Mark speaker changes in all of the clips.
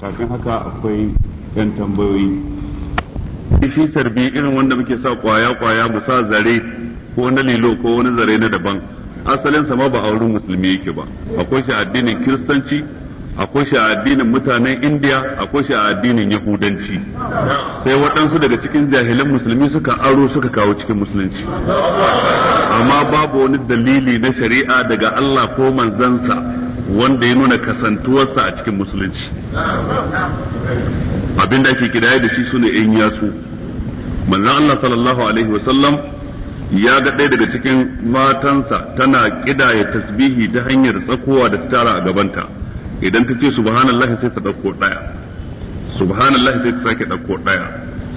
Speaker 1: kafin haka akwai yan tambayoyi shi sarbi irin wanda muke sa kwaya kwaya mu sa zare ko na lilo ko wani zare na daban asalin ma ba a wurin musulmi yake ba akwai shi addinin kiristanci akwai shi addinin mutanen indiya akwai shi a addinin yahudanci sai waɗansu daga cikin jahilan musulmi suka aro suka kawo cikin musulunci amma babu wani dalili na shari'a daga allah ko manzansa wanda ya nuna kasantuwarsa a cikin musulunci Abinda da ake kidaya da shi su ne yan yatsu manzan Allah sallallahu alaihi wasallam ya ga ɗaya daga cikin matansa tana kidaya tasbihi ta hanyar tsakowa da tara a gabanta idan ta ce subhanallahi sai ta ɗauko ɗaya subhanallahi sai ta sake ɗauko ɗaya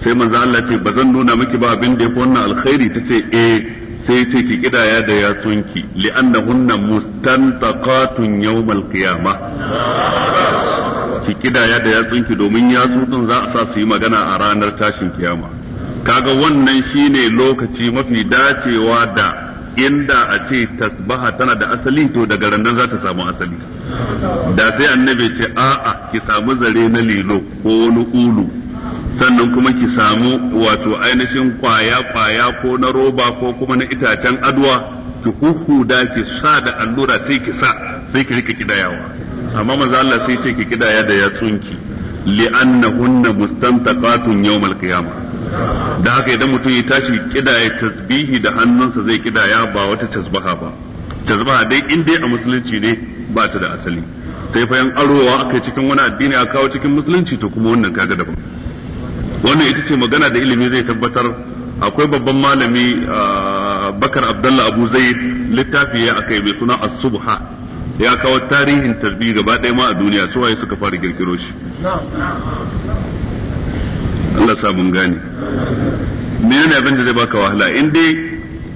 Speaker 1: sai manzan Allah ce ba zan nuna miki ba abin da fi wannan alkhairi ta ce eh sai ce ki kidaya da yatsunki li'annahunna mustantaqatun yawmal qiyamah ki kidaya da yatsunki domin yatsun za a sa su yi magana a ranar tashin kiyama kaga wannan shine lokaci mafi dacewa da inda a ce tasbaha tana da asali to daga randan za ta samu asali da sai annabi ce a'a ki samu zare na lilo ko wani ulu sannan kuma ki samu wato ainihin kwaya kwaya ko na roba ko kuma na itacen aduwa ki huhuda ki sa da allura sai ki sa sai ki rika kidayawa amma manzo Allah sai ce ki kidaya da yatsunki annahunna mustantaqatun yawmal qiyamah da haka idan mutum ya tashi kidaya tasbihi da hannunsa zai kidaya ba wata tasbaha ba tasbaha dai in dai a musulunci ne ba ta da asali sai fa yan arowa aka cikin wani addini a kawo cikin musulunci to kuma wannan kaga daban wannan ita ce magana da ilimi zai tabbatar akwai babban malami bakar abdullah abu zai littafi ya aka mai suna as-subha ya kawo tarihin tarbi gaba ɗaya ma a duniya su waye suka fara kirkiro shi Allah sa mun gane menene abin da zai baka wahala in dai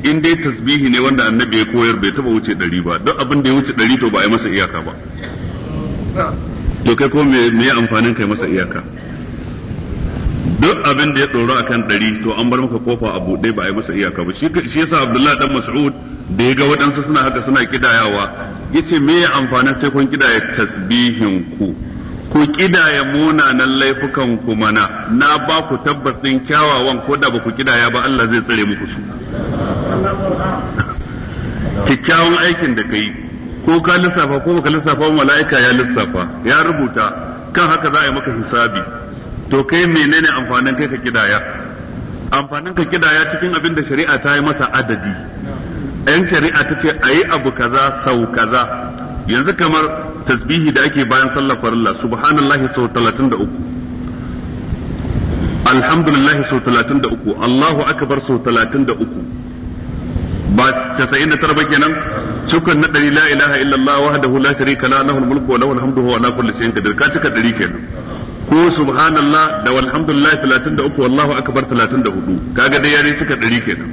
Speaker 1: in dai tasbihi ne wanda annabi ya koyar bai taba wuce ɗari ba duk abin da ya wuce ɗari to ba a yi masa iyaka ba to kai ko me me amfanin kai masa iyaka duk abin da ya tsoro akan ɗari to an bar maka kofa a buɗe ba a yi masa iyaka ba shi yasa abdullahi dan mas'ud da ya ga waɗansu suna haka suna kidayawa yace me ya amfana sai kun kidaya tasbihin ku ku kidaya munanan laifukan ku mana na ba ku tabbas ɗin kyawawan ko da ba ku kidaya ba Allah zai tsare muku su kyakkyawan aikin da ka yi ko ka lissafa ko baka lissafa mala'ika ya lissafa ya rubuta kan haka za a yi maka hisabi to kai menene amfanin kai ka kidaya amfanin ka kidaya cikin abin da shari'a ta yi masa adadi yan shari'a ta ce a yi abu kaza sau kaza yanzu kamar tasbihi da ake bayan sallar farilla subhanallahi sau talatin da uku alhamdulillahi sau talatin da uku allahu akbar sau talatin da uku ba casa'in da tarba kenan cikin na ɗari la ilaha illallah wahdahu la sharika la lahul mulku wa lahul hamdu wa ala kulli shay'in qadir ka cika ɗari kenan ko subhanallah da walhamdulillah 33 wallahu akbar 34 kaga dai yare suka 100 kenan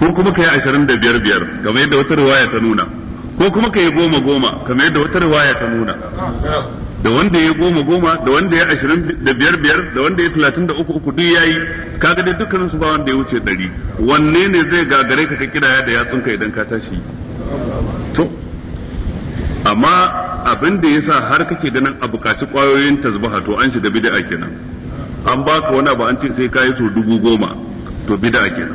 Speaker 1: ko kuma kai 25 biyar kamar yadda wata riwaya ta nuna ko kuma kai goma goma kamar yadda wata riwaya ta nuna da wanda ya goma goma da wanda ya 25 biyar da wanda ya 33 uku duk yayi kaga dai dukkanin su ba wanda ya wuce dari wanne ne zai gagare ka ka kidaya da yatsunka idan ka tashi amma abin da yasa har kake ganin a bukaci kwayoyin tasbaha to an shiga bid'a kenan an baka wani abu an ce sai kai so dubu goma to bid'a kenan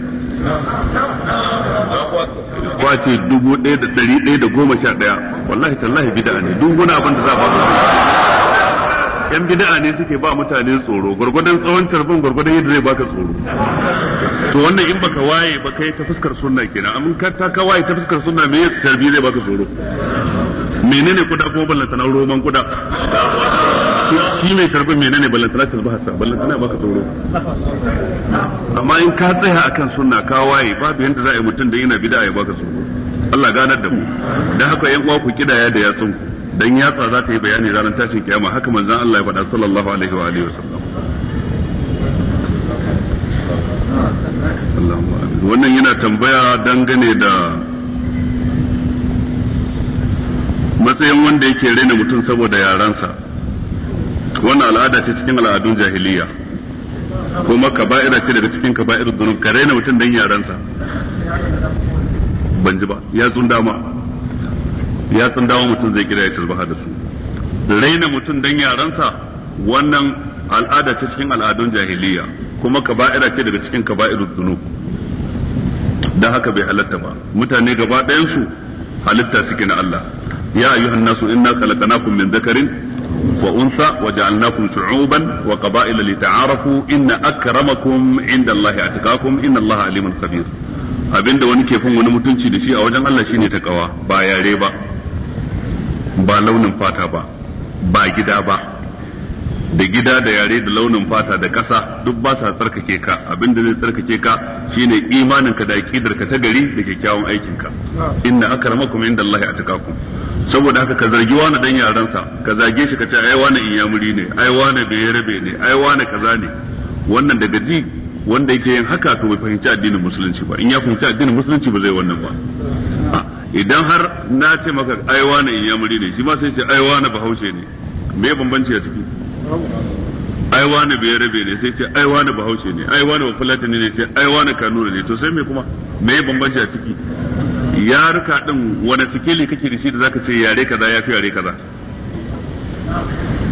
Speaker 1: kwace dubu ɗaya da ɗari ɗaya da goma sha ɗaya wallahi tallahi bid'a ne duk wani abin da za ba yan bid'a ne suke ba mutane tsoro gwargwadon tsawon tarbin gwargwadon yadda zai baka tsoro to wannan in baka waye ba kai ta fuskar sunna kenan amma ka ta ka waye ta fuskar sunna me yasa tarbi zai baka tsoro menene kuda kuma ballantana roman kuda shi mai sharbin menene ballantana ta zuba ballantana baka tsoro amma in ka tsaya akan sunna ka waye babu yanda za a yi mutum da yana bid'a ya baka tsoro Allah ganar da mu dan haka yan uwa ku kidaya da yatsun ku dan yatsa za ta yi bayani ranar tashin kiyama haka manzon Allah ya faɗa sallallahu alaihi wa alihi wasallam wannan yana tambaya dangane da matsayin wanda yake raina mutum saboda yaransa wannan al'ada ce cikin al'adun jahiliya kuma kaba'ira ce daga cikin kaba'ir dunub ka raina mutum dan yaransa ban ji ba ya tsun dama ya tsun dama mutum zai kira ya tilbaha da su raina mutum dan yaransa wannan al'ada ce cikin al'adun jahiliya kuma kaba'ira ce daga cikin kaba'ir dunub dan haka bai halatta ba mutane gaba ɗayan su halitta suke na Allah ya ayyuhan nasu inna khalaqnakum min dhakarin wa unsa wa ja'alnakum shu'uban wa qaba'ila lita'arafu inna akramakum indallahi atqakum inna allaha alimun khabir abinda wani ke fin wani mutunci da shi a wajen Allah ta takawa ba yare ba ba launin fata ba ba gida ba da gida da yare da launin fata da ƙasa duk ba sa tsarkake ka abin da zai tsarkake ka shine imaninka da ka ta gari da kyakkyawan aikinka inna akramakum indallahi atqakum saboda haka ka zargi wani dan sa ka zage shi ka ce ai wani muri ne ai wani rabe ne ai wani kaza ne wannan daga ji wanda yake yin haka to bai fahimci addinin musulunci ba in ya fahimci addinin musulunci ba zai wannan ba idan har na ce maka ai wani inyamuri ne shi ma sai ce ai wani bahaushe ne me bambanci a ciki ai wani bai rabe ne sai ce ai wani bahaushe ne ai wani bafulatani ne sai ai wani kanuri ne to sai me kuma me ya bambanci a ciki Ya ruka din wani sikeli kake da shi da zaka ce yare kaza ya fi yare kaza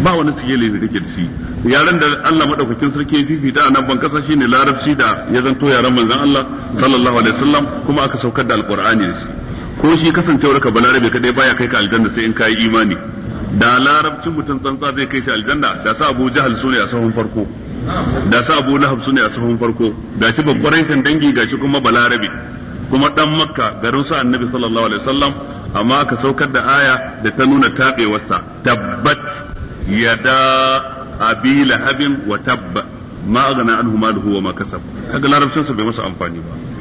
Speaker 1: ba wani sikeli da kake da shi yaren da Allah madaukakin sarki ya fifita a nan ban kasa shine larabci da ya zanto yaren manzon Allah sallallahu alaihi wasallam kuma aka saukar da alqur'ani da shi ko shi kasancewar ka balarabe kadai baya kai ka aljanna sai in kai imani da larabcin mutum tsantsa zai kai shi aljanna da sa abu jahal sune a sahun farko da sa abu lahab sune a sahun farko da shi babban shan dangi ga shi kuma Balarabi, kuma dan makka garin su annabi sallallahu alaihi wasallam amma aka saukar da aya da ta nuna tabewarsa tabbat yada abi lahabin wa tabba ma'ana anhu maluhu wa ma kasab kaga larabcin sa bai masa amfani ba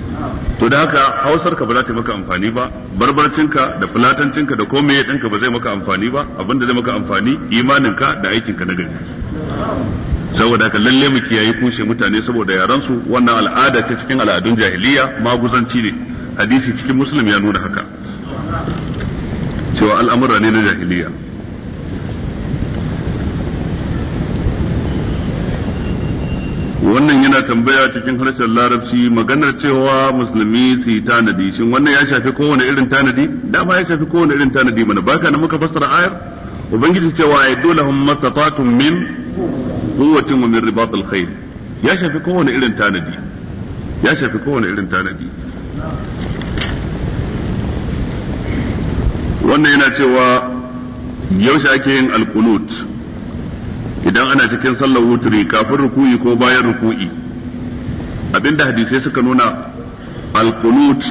Speaker 1: to da haka hausar ka ba za ta maka amfani ba barbarcinka da fulatancinka da komai ɗinka ba zai maka amfani ba abin da zai maka amfani imaninka da aikinka na gari saboda haka lalle mu kiyaye kushe mutane saboda yaran su wannan al'ada ce cikin al'adun jahiliya maguzanci ne hadisi cikin muslim ya nuna haka cewa al'amura ne na jahiliya wannan yana tambaya cikin harshen larabci maganar cewa musulmi su yi tanadi shin wannan ya shafi kowane irin tanadi dama ya shafi kowane irin tanadi mana baka na muka fassara ayar ubangiji cewa ya dole hum mastata'tum min quwwatin wa min ribatil khayl ya shafi kowane irin tanadi ya shafi kowane irin tanadi wannan yana cewa yaushe ake yin alqunut idan ana cikin sallar wuturi kafin ruku'i ko bayan ruku'i abinda hadisai suka nuna alkunut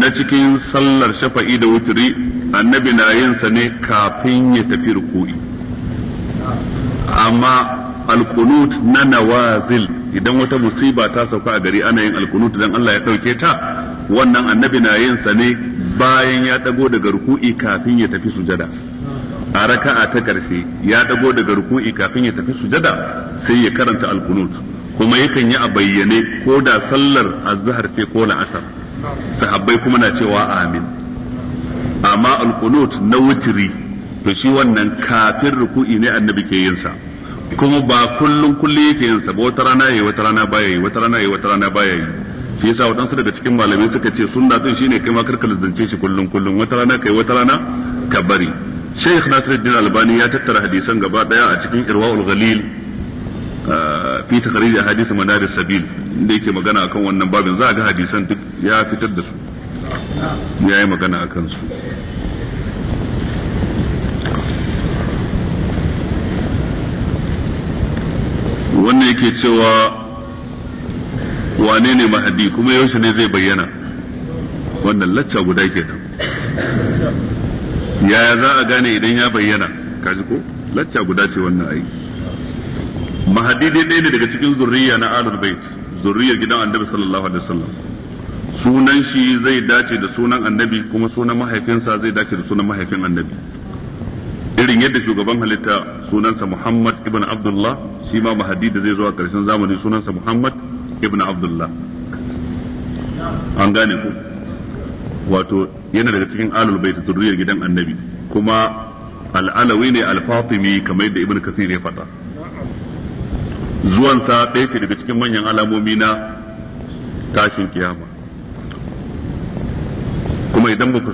Speaker 1: na cikin sallar shafa'i da wuturi annabi na yin sa ne kafin ya tafi ruku'i amma alkunut na nawazil idan wata musiba ta sauka a gari ana yin alkunut dan Allah ya ɗauke ta wannan annabi na yin sa ne bayan ya dago daga ruku'i kafin ya tafi sujada a raka'a ta ƙarshe ya dago daga ruku'i kafin ya tafi sujada sai ya karanta alkunut kuma yakan yi a bayyane ko da sallar azhar ce ko la'asar sahabbai kuma na cewa amin amma alkunut na wutiri to shi wannan kafin ruku'i ne annabi ke yin sa kuma ba kullum kulli yake yin sa ba wata rana yayi wata rana baya yi wata rana yayi wata rana baya yi shi yasa waɗansu daga cikin malamai suka ce sunna din shine kai ma karkar zance shi kullum kullum wata rana kai wata rana ka bari Sheikh Nasiruddin Albani ya tattara hadisan gaba daya a cikin Irwaul Ghalil fi takhrij hadith manar sabil inda yake magana akan wannan babin za ga hadisan duk ya fitar da su ya yi magana akan su wannan yake cewa wane ne mahadi kuma yaushe ne zai bayyana wannan lacca guda kenan yaya za a gane idan ya bayyana kaji ko lacca guda ce wannan ai mahadi dai ɗaya ne daga cikin zurriya na alul bait zurriyar gidan annabi sallallahu alaihi wasallam sunan shi zai dace da sunan annabi kuma sunan mahaifinsa zai dace da sunan mahaifin annabi irin yadda shugaban halitta sunansa Muhammad ibn Abdullah shi ma mahadi da zai zo a ƙarshen zamani sunansa Muhammad ibn Abdullah an gane ku wato yana daga cikin alul bait zurriyar gidan annabi kuma al'alawi ne al-fatimi kamar yadda ibnu kasir ya faɗa zuwansa ɗaya ce daga cikin manyan alamomi na tashin kiyama kuma idan ba ku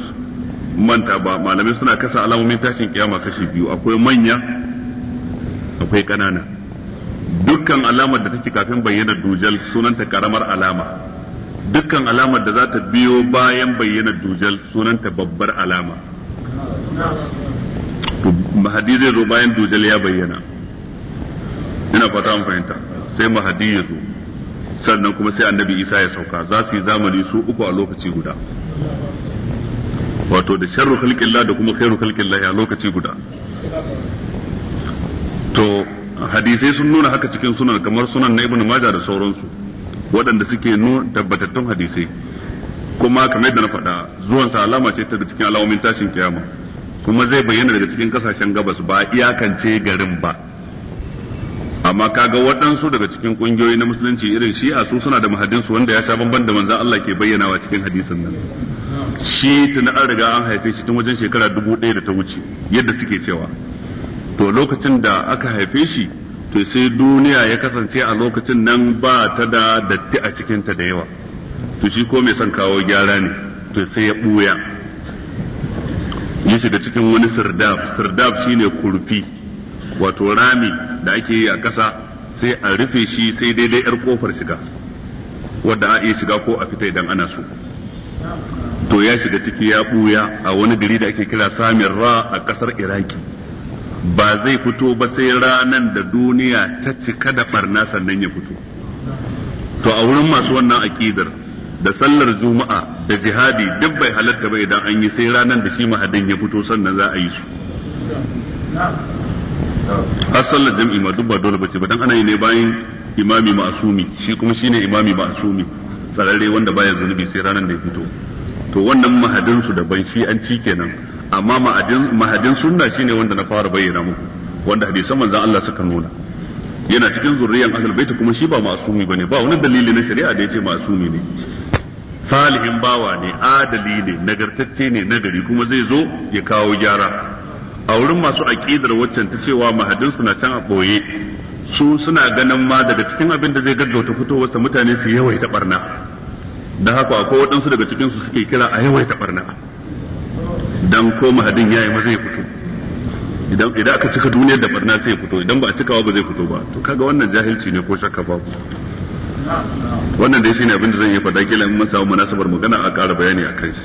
Speaker 1: manta ba malamai suna kasa alamomin tashin kiyama kashi biyu akwai manya akwai ƙanana dukkan alamar da take kafin bayyana dujal sunanta karamar alama dukkan alamar da za ta biyo bayan bayyanar dujal sunanta babbar alama mahadi zai zo bayan dujal ya bayyana ina fata an fahimta sai mahadi ya zo sannan kuma sai annabi isa ya sauka za su yi zamani su uku a lokaci guda wato da sharru khalqillah da kuma khairu khalqillah a lokaci guda to hadisai sun nuna haka cikin sunan kamar sunan na Ibn majah da sauransu waɗanda suke nun tabbatattun hadisai kuma kamar yadda na faɗa zuwan sa alama ce ta cikin alamomin tashin kiyama kuma zai bayyana daga cikin kasashen gabas ba iyakance garin ba amma kaga waɗansu daga cikin ƙungiyoyi na musulunci irin shi'a su suna da mahadinsu wanda ya sha bamban da manzan Allah ke bayyanawa cikin hadisin nan shi tun an riga an haife shi tun wajen shekara dubu ɗaya da ta wuce yadda suke cewa to lokacin da aka haife shi to sai duniya ya kasance a lokacin nan ba ta da datti a cikinta da yawa to shi ko mai son kawo gyara ne to sai ya ɓuya ya shiga cikin wani sirdaf sirdaf shine kurfi wato rami da ake yi a ƙasa sai a rufe shi sai daidai yar kofar shiga wadda a iya shiga ko a fita idan ana so to ya shiga ciki ya buya a wani gari da ake kira samin ra a ƙasar iraki ba zai fito ba sai ranan da duniya ta cika da barna sannan ya fito to a wurin masu wannan akidar da sallar juma'a da jihadi duk bai halatta ba idan an yi sai ranan da shi mahadin ya fito sannan za a yi su har sallar jam'i ma duk ba dole bace ba dan ana yi ne bayan imami ma'asumi shi kuma shine imami ma'asumi tsararre wanda baya zunubi sai ranan da ya fito to wannan mahadin su daban shi an ci kenan amma mahadin sunna shine wanda na fara bayyana muku wanda hadisan manzon Allah suka nuna yana cikin zurriyan ahlul baiti kuma shi ba masumi bane ba wani dalili na shari'a da yace masumi ne salihin bawa ne adali ne nagartacce ne nagari kuma zai zo ya kawo gyara a wurin masu aqidar waccan ta cewa mahadin na can a boye su suna ganin ma daga cikin abin da zai gaggauta sa mutane su yawaita barna da haka akwai waɗansu daga cikin su suke kira a yawaita barna dan ko mahadin yayi ma zai fito idan idan aka cika duniyar da barna sai fito idan ba a cikawa ba zai fito ba to kaga wannan jahilci ne ko shakka ba wannan dai shine abin da zan yi faɗa kila in mun samu munasabar magana a ƙara bayani akan shi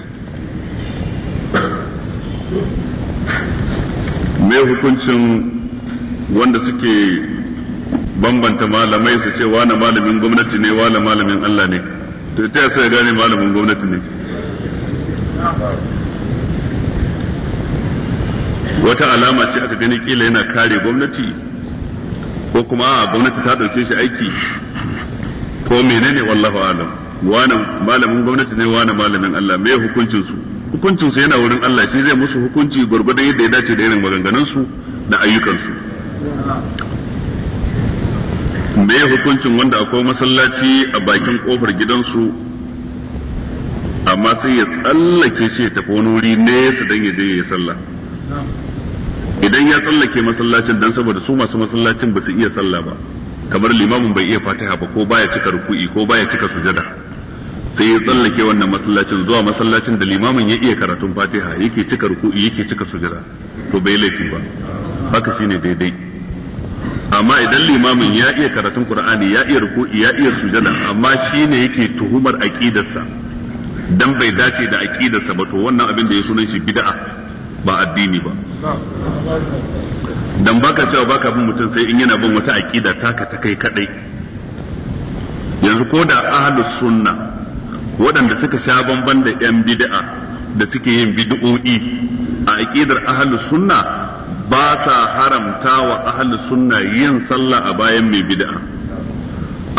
Speaker 1: me hukuncin wanda suke bambanta malamai su ce wani malamin gwamnati ne wani malamin Allah ne to ta yasa ya gane malamin gwamnati ne wata alama ce aka gani kila yana kare gwamnati ko kuma a gwamnati ta ɗauke shi aiki ko menene wallahu alam wani malamin gwamnati ne wani malamin Allah me hukuncin su hukuncin su yana wurin Allah shi zai musu hukunci gurgurdan yadda ya dace da irin maganganun su da ayyukan su me hukuncin wanda akwai masallaci a bakin kofar gidansu amma sai ya tsallake shi ya tafi wani wuri nesa dan ya je ya yi sallah idan ya tsallake masallacin dan saboda su masu masallacin ba su iya sallah ba kamar limamin bai iya fatiha ba ko baya cika ruku'i ko baya cika sujada sai ya tsallake wannan masallacin zuwa masallacin da limamin ya iya karatun fatiha yake cika ruku'i yake cika sujada to bai laifi ba haka shine daidai amma idan limamin ya iya karatun qur'ani ya iya ruku'i ya iya sujada amma shine yake tuhumar aqidarsa dan bai dace da aqidarsa ba to wannan abin da ya sunan shi bid'a ba addini ba dan baka cewa baka bin mutum sai in yana bin wata aqida taka ta kai kadai yanzu ko da ahlus sunna waɗanda suka sha bamban da yan bid'a da suke yin bid'o'i a aqidar ahlus sunna ba sa haramta wa ahlus sunna yin sallah a bayan mai bid'a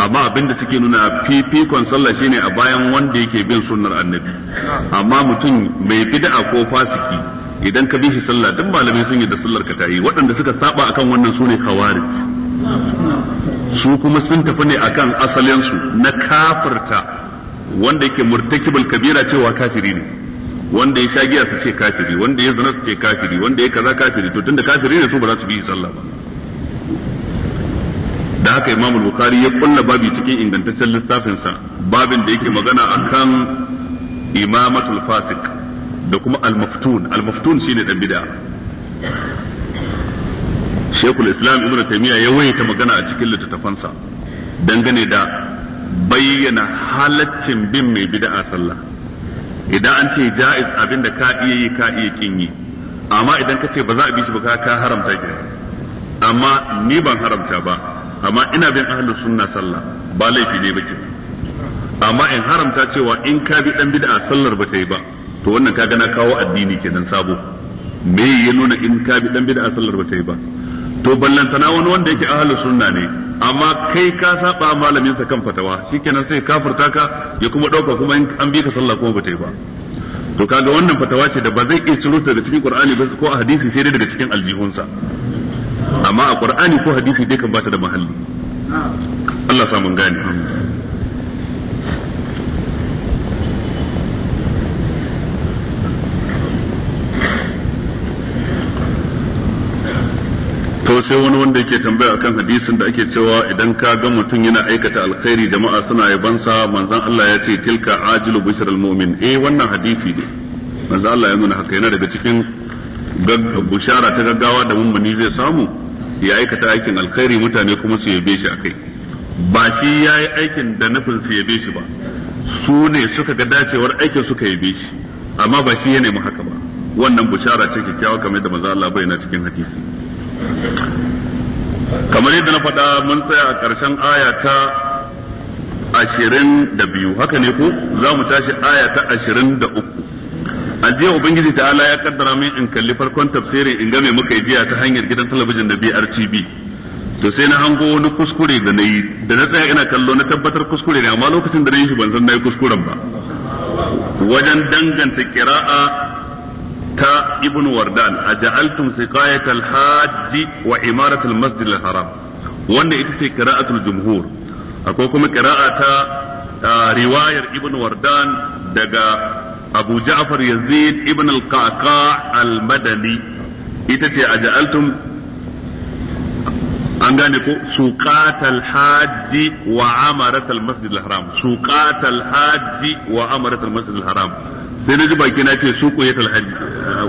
Speaker 1: amma abin da suke nuna fifikon sallah shine a bayan wanda yake bin sunnar annabi amma mutum mai bid'a ko fasiki idan ka bi shi sallah duk malamai sun yi da sallar ka tayi waɗanda suka saba akan wannan sune khawarij su kuma sun tafi ne akan asalin su na kafirta wanda yake murtakibul kabira cewa kafiri ne wanda ya sha giya su ce kafiri wanda ya zina su ce kafiri wanda ya kaza kafiri to tunda kafiri ne su ba za su bi sallah ba da haka imam bukhari ya kulla babi cikin ingantaccen lissafinsa babin da yake magana akan imamatul fasik da kuma al-maftun al-maftun shine dan bid'a Sheikhul Islam Ibn Taymiyyah ya wayyata magana a cikin littattafansa dangane da bayyana halaccin bin mai bid'a sallah idan an ce ja'iz abin da ka iya yi ka iya kin yi amma idan ka ce ba za a bi shi ba ka haramta ki amma ni ban haramta ba amma ina bin ahlus sunna sallah ba laifi ne ba amma in haramta cewa in ka bi dan bid'a sallar ba ta yi ba to wannan kaga na kawo addini kenan sabo me ya nuna in ka bi dan bid'a sallar ba yi ba to ballantana wani wanda yake ahlus sunna ne amma kai ka saba malamin sa kan fatawa shikenan sai kafirta ka ya kuma dauka kuma in an bi ka sallah kuma ba ta yi ba to kaga wannan fatawa ce da ba zai iya ciro ta daga cikin qur'ani ba ko hadisi sai dai daga cikin aljihunsa amma a qur'ani ko hadisi dai kan bata da mahalli Allah sa mun gane sai wani wanda yake tambaya akan hadisin da ake cewa idan ka ga mutum yana aikata alkhairi jama'a suna yabansa manzon Allah ya ce tilka ajilu bushral mu'min eh wannan hadisi ne manzon Allah ya nuna haka yana daga cikin bushara ta gaggawa da mummuni zai samu ya aikata aikin alkhairi mutane kuma su yabe shi akai ba shi yayi aikin da nufin su yabe shi ba su ne suka ga dacewar aikin suka yabe shi amma ba shi ya nemi haka ba wannan bushara ce kyakkyawa kamar da manzon Allah na cikin hadisi kamar yadda na faɗa mun tsaya a ƙarshen aya ta ashirin da biyu haka ne ko za mu tashi aya ta ashirin da uku a jiya ubangiji ta'ala ya kaddara min in kalli farkon tafsirin in game muka yi jiya ta hanyar gidan talabijin da brtb to sai na hango wani kuskure da na yi da na tsaya ina kallo na tabbatar kuskure ne amma lokacin da na yi shi ban san na yi kuskuren ba wajen danganta kira'a ta ibn wardan a ja'altum siqayatal hajji wa imaratul masjid haram wanda ita ce qira'atul jumhur akwai kuma qira'a ta riwayar ibn wardan daga abu ja'far yazid ibn al-qaqa al-madani ita ce a ja'altum an gane ko suqatal hajji wa amaratul masjid haram suqatal hajji wa amaratul masjid haram sai na ji baki na ce suku ya talhaji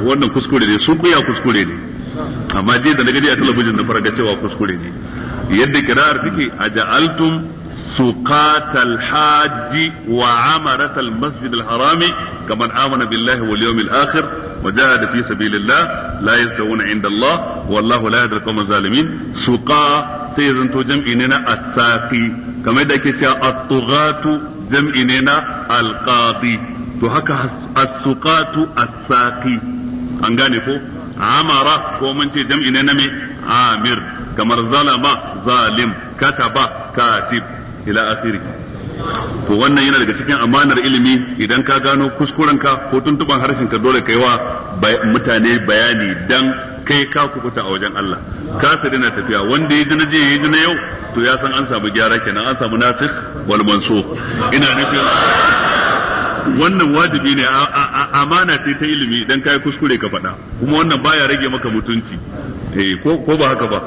Speaker 1: wannan kuskure ne suku ya kuskure ne amma je da na gani a talabijin na farga cewa kuskure ne yadda kira'ar take a ja'altum suqatal haji wa amaratal masjid al harami kaman amana billahi wal yawmil akhir wa jahada fi sabilillah la yastawuna inda Allah wallahu la yahdi al zalimin suqa sai asaqi kamar da ke cewa at-tughatu jam'i ne na to haka has as-suqatu as-saqi an gane ko amara ko mun ce jam'i ne na amir kamar zalama zalim kataba katib ila asiri to wannan yana daga cikin amanar ilimi idan ka gano kuskurenka ko tuntuban ka dole kai wa mutane bayani dan kai ka kukuta a wajen Allah ka sa tafiya wanda ya na jiya ya na yau to ya san an samu gyara kenan an samu nasikh wal mansukh ina nufin wannan wajibi ne amana ce ta ilimi idan kai kuskure ka faɗa kuma wannan baya rage maka mutunci eh ko ko ba haka ba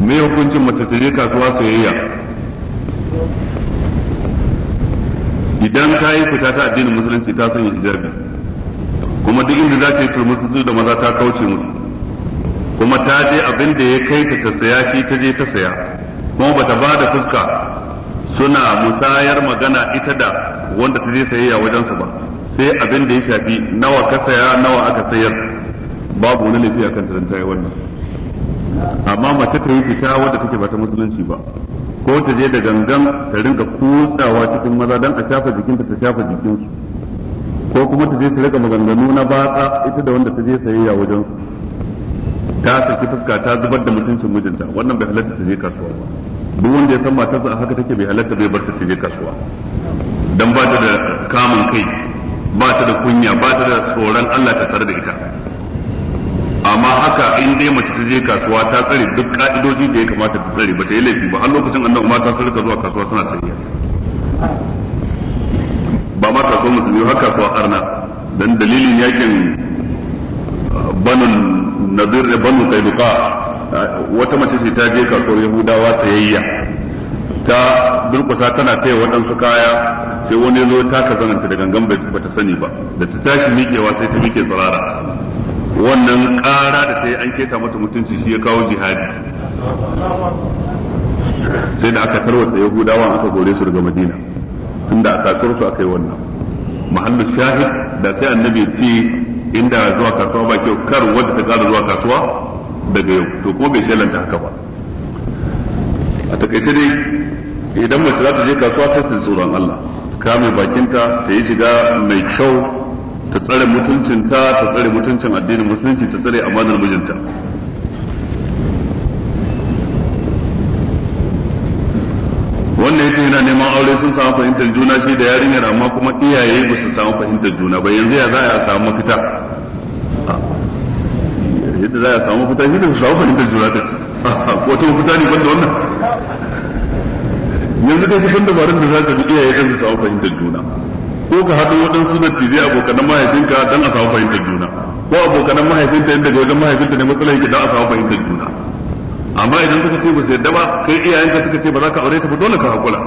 Speaker 1: me hukuncin mace ta je kasuwa sayayya idan ta yi fita ta addinin musulunci ta sanya hijabi kuma duk inda za ta yi turmutsu da maza ta kauce musu kuma ta je abin da ya kai ta ta saya shi ta je ta saya kuma bata ba da fuska suna musayar magana ita da wanda ta je sayayya wajensu ba sai abin da ya shafi nawa ka saya nawa aka sayar babu wani laifi akan ta dan wannan amma mace ta yi fita wadda take ba ta musulunci ba ko ta je da gangan ta rinka kusawa cikin maza dan a shafa jikinta ta shafa jikinsu ko kuma ta je ta rika maganganu na batsa ita da wanda ta je sayayya wajen ta saki fuska ta zubar da mutuncin mijinta wannan bai halatta ta je kasuwa ba duk wanda ya san matarsa a haka take bai halatta bai bar ta je kasuwa dan ba ta da kamun kai ba ta da kunya ba ta da tsoron Allah ta tare da ita amma haka in dai mace ta je kasuwa ta tsare duk ka'idoji da ya kamata ta tsare ba ta yi laifi ba a lokacin annabi ma ta sarka zuwa kasuwa suna sayayya ba ma kasuwa musulmi har kasuwa arna dan dalilin yakin ah, banul nadir banu kaiduka wata mace ce ta je kasuwar yahudawa ta yayya ta durkusa tana taya waɗansu kaya sai wani zo ta ka zananta da gangan ba ta sani ba da ta tashi miƙewa sai ta miƙe tsirara wannan ƙara da ta yi an keta mata mutunci shi ya kawo jihadi sai da aka tarwata yahudawa aka gore su daga madina tunda a kasuwar su aka yi wannan mahallu shahid da sai annabi ya ce inda zuwa kasuwa ba kyau kar wadda ta ƙara zuwa kasuwa daga yau to ko bai shelanta haka ba a takaice dai idan mace za ta je kasuwa ta san tsoron Allah ka mai bakinta ta yi shiga mai kyau ta tsare mutuncinta ta tsare mutuncin addinin musulunci ta tsare amanar mijinta wanda yake yana neman aure sun samu fahimtar juna shi da yarinyar amma kuma iyaye ba su samu fahimtar juna ba yanzu ya za a samu mafita yadda za a samu fita shi da su samu fahimtar juna ta ko ta fita ne banda wannan yanzu dai kusan dabarun da za ka bi iyaye kan su samu fahimtar juna ko ka haɗu waɗansu dattijai abokanan mahaifinka don a samu fahimtar juna ko abokanan mahaifinta yadda daga wajen mahaifinta ne matsalar yake don a samu fahimtar juna amma idan suka ce ba su yadda ba kai iyayenka suka ce ba za ka aure ka ba dole ka haƙura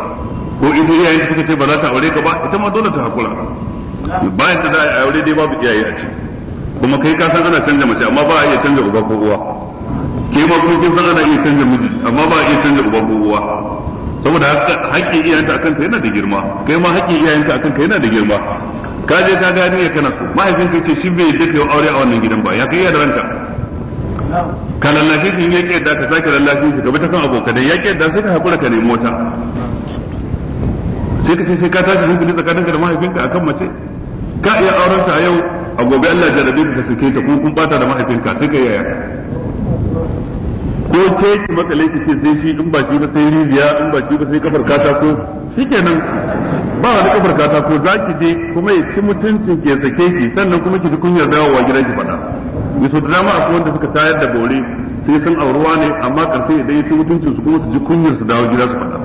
Speaker 1: ko idan iyayenka suka ce ba za ka aure ka ba ita ma dole ta haƙura bayan ta za a aure dai babu iyaye a ciki kuma kai ka san ana canja mace amma ba a iya canja uba ko uwa ke ma kuma kun san ana iya canja miji amma ba a iya canja uba ko uwa saboda haƙƙin iyayenta akan ka yana da girma kai ma haƙƙin iyayenta akan ka yana da girma ka je ka gani ya kana so mahaifinka ce shi bai yadda yi aure a wannan gidan ba ya kai iya da ranka ka lallashe shi ya ƙi yadda ka sake lallashe shi ka bi ta kan abokanai ya ƙi yadda sai ka haƙura ka nemi wata sai ka ce sai ka tashi hankali tsakaninka da mahaifinka akan mace ka iya auren ta a yau a gobe Allah ya jarabe ka sake ta ko kun bata da mahaifinka sai ka yaya ko ke ki makale ki ce sai shi in ba shi ba sai riziya in ba shi ba sai kafar katako shikenan ba wani kafar katako za ki je kuma ya ci mutuncin ke sake ki sannan kuma ki ji kunyar dawowa gidan ki faɗa yaso da dama a wanda suka tayar da bore sai sun auruwa ne amma karshe idan ya ci mutuncin su kuma su ji kunyar su dawo gida su faɗa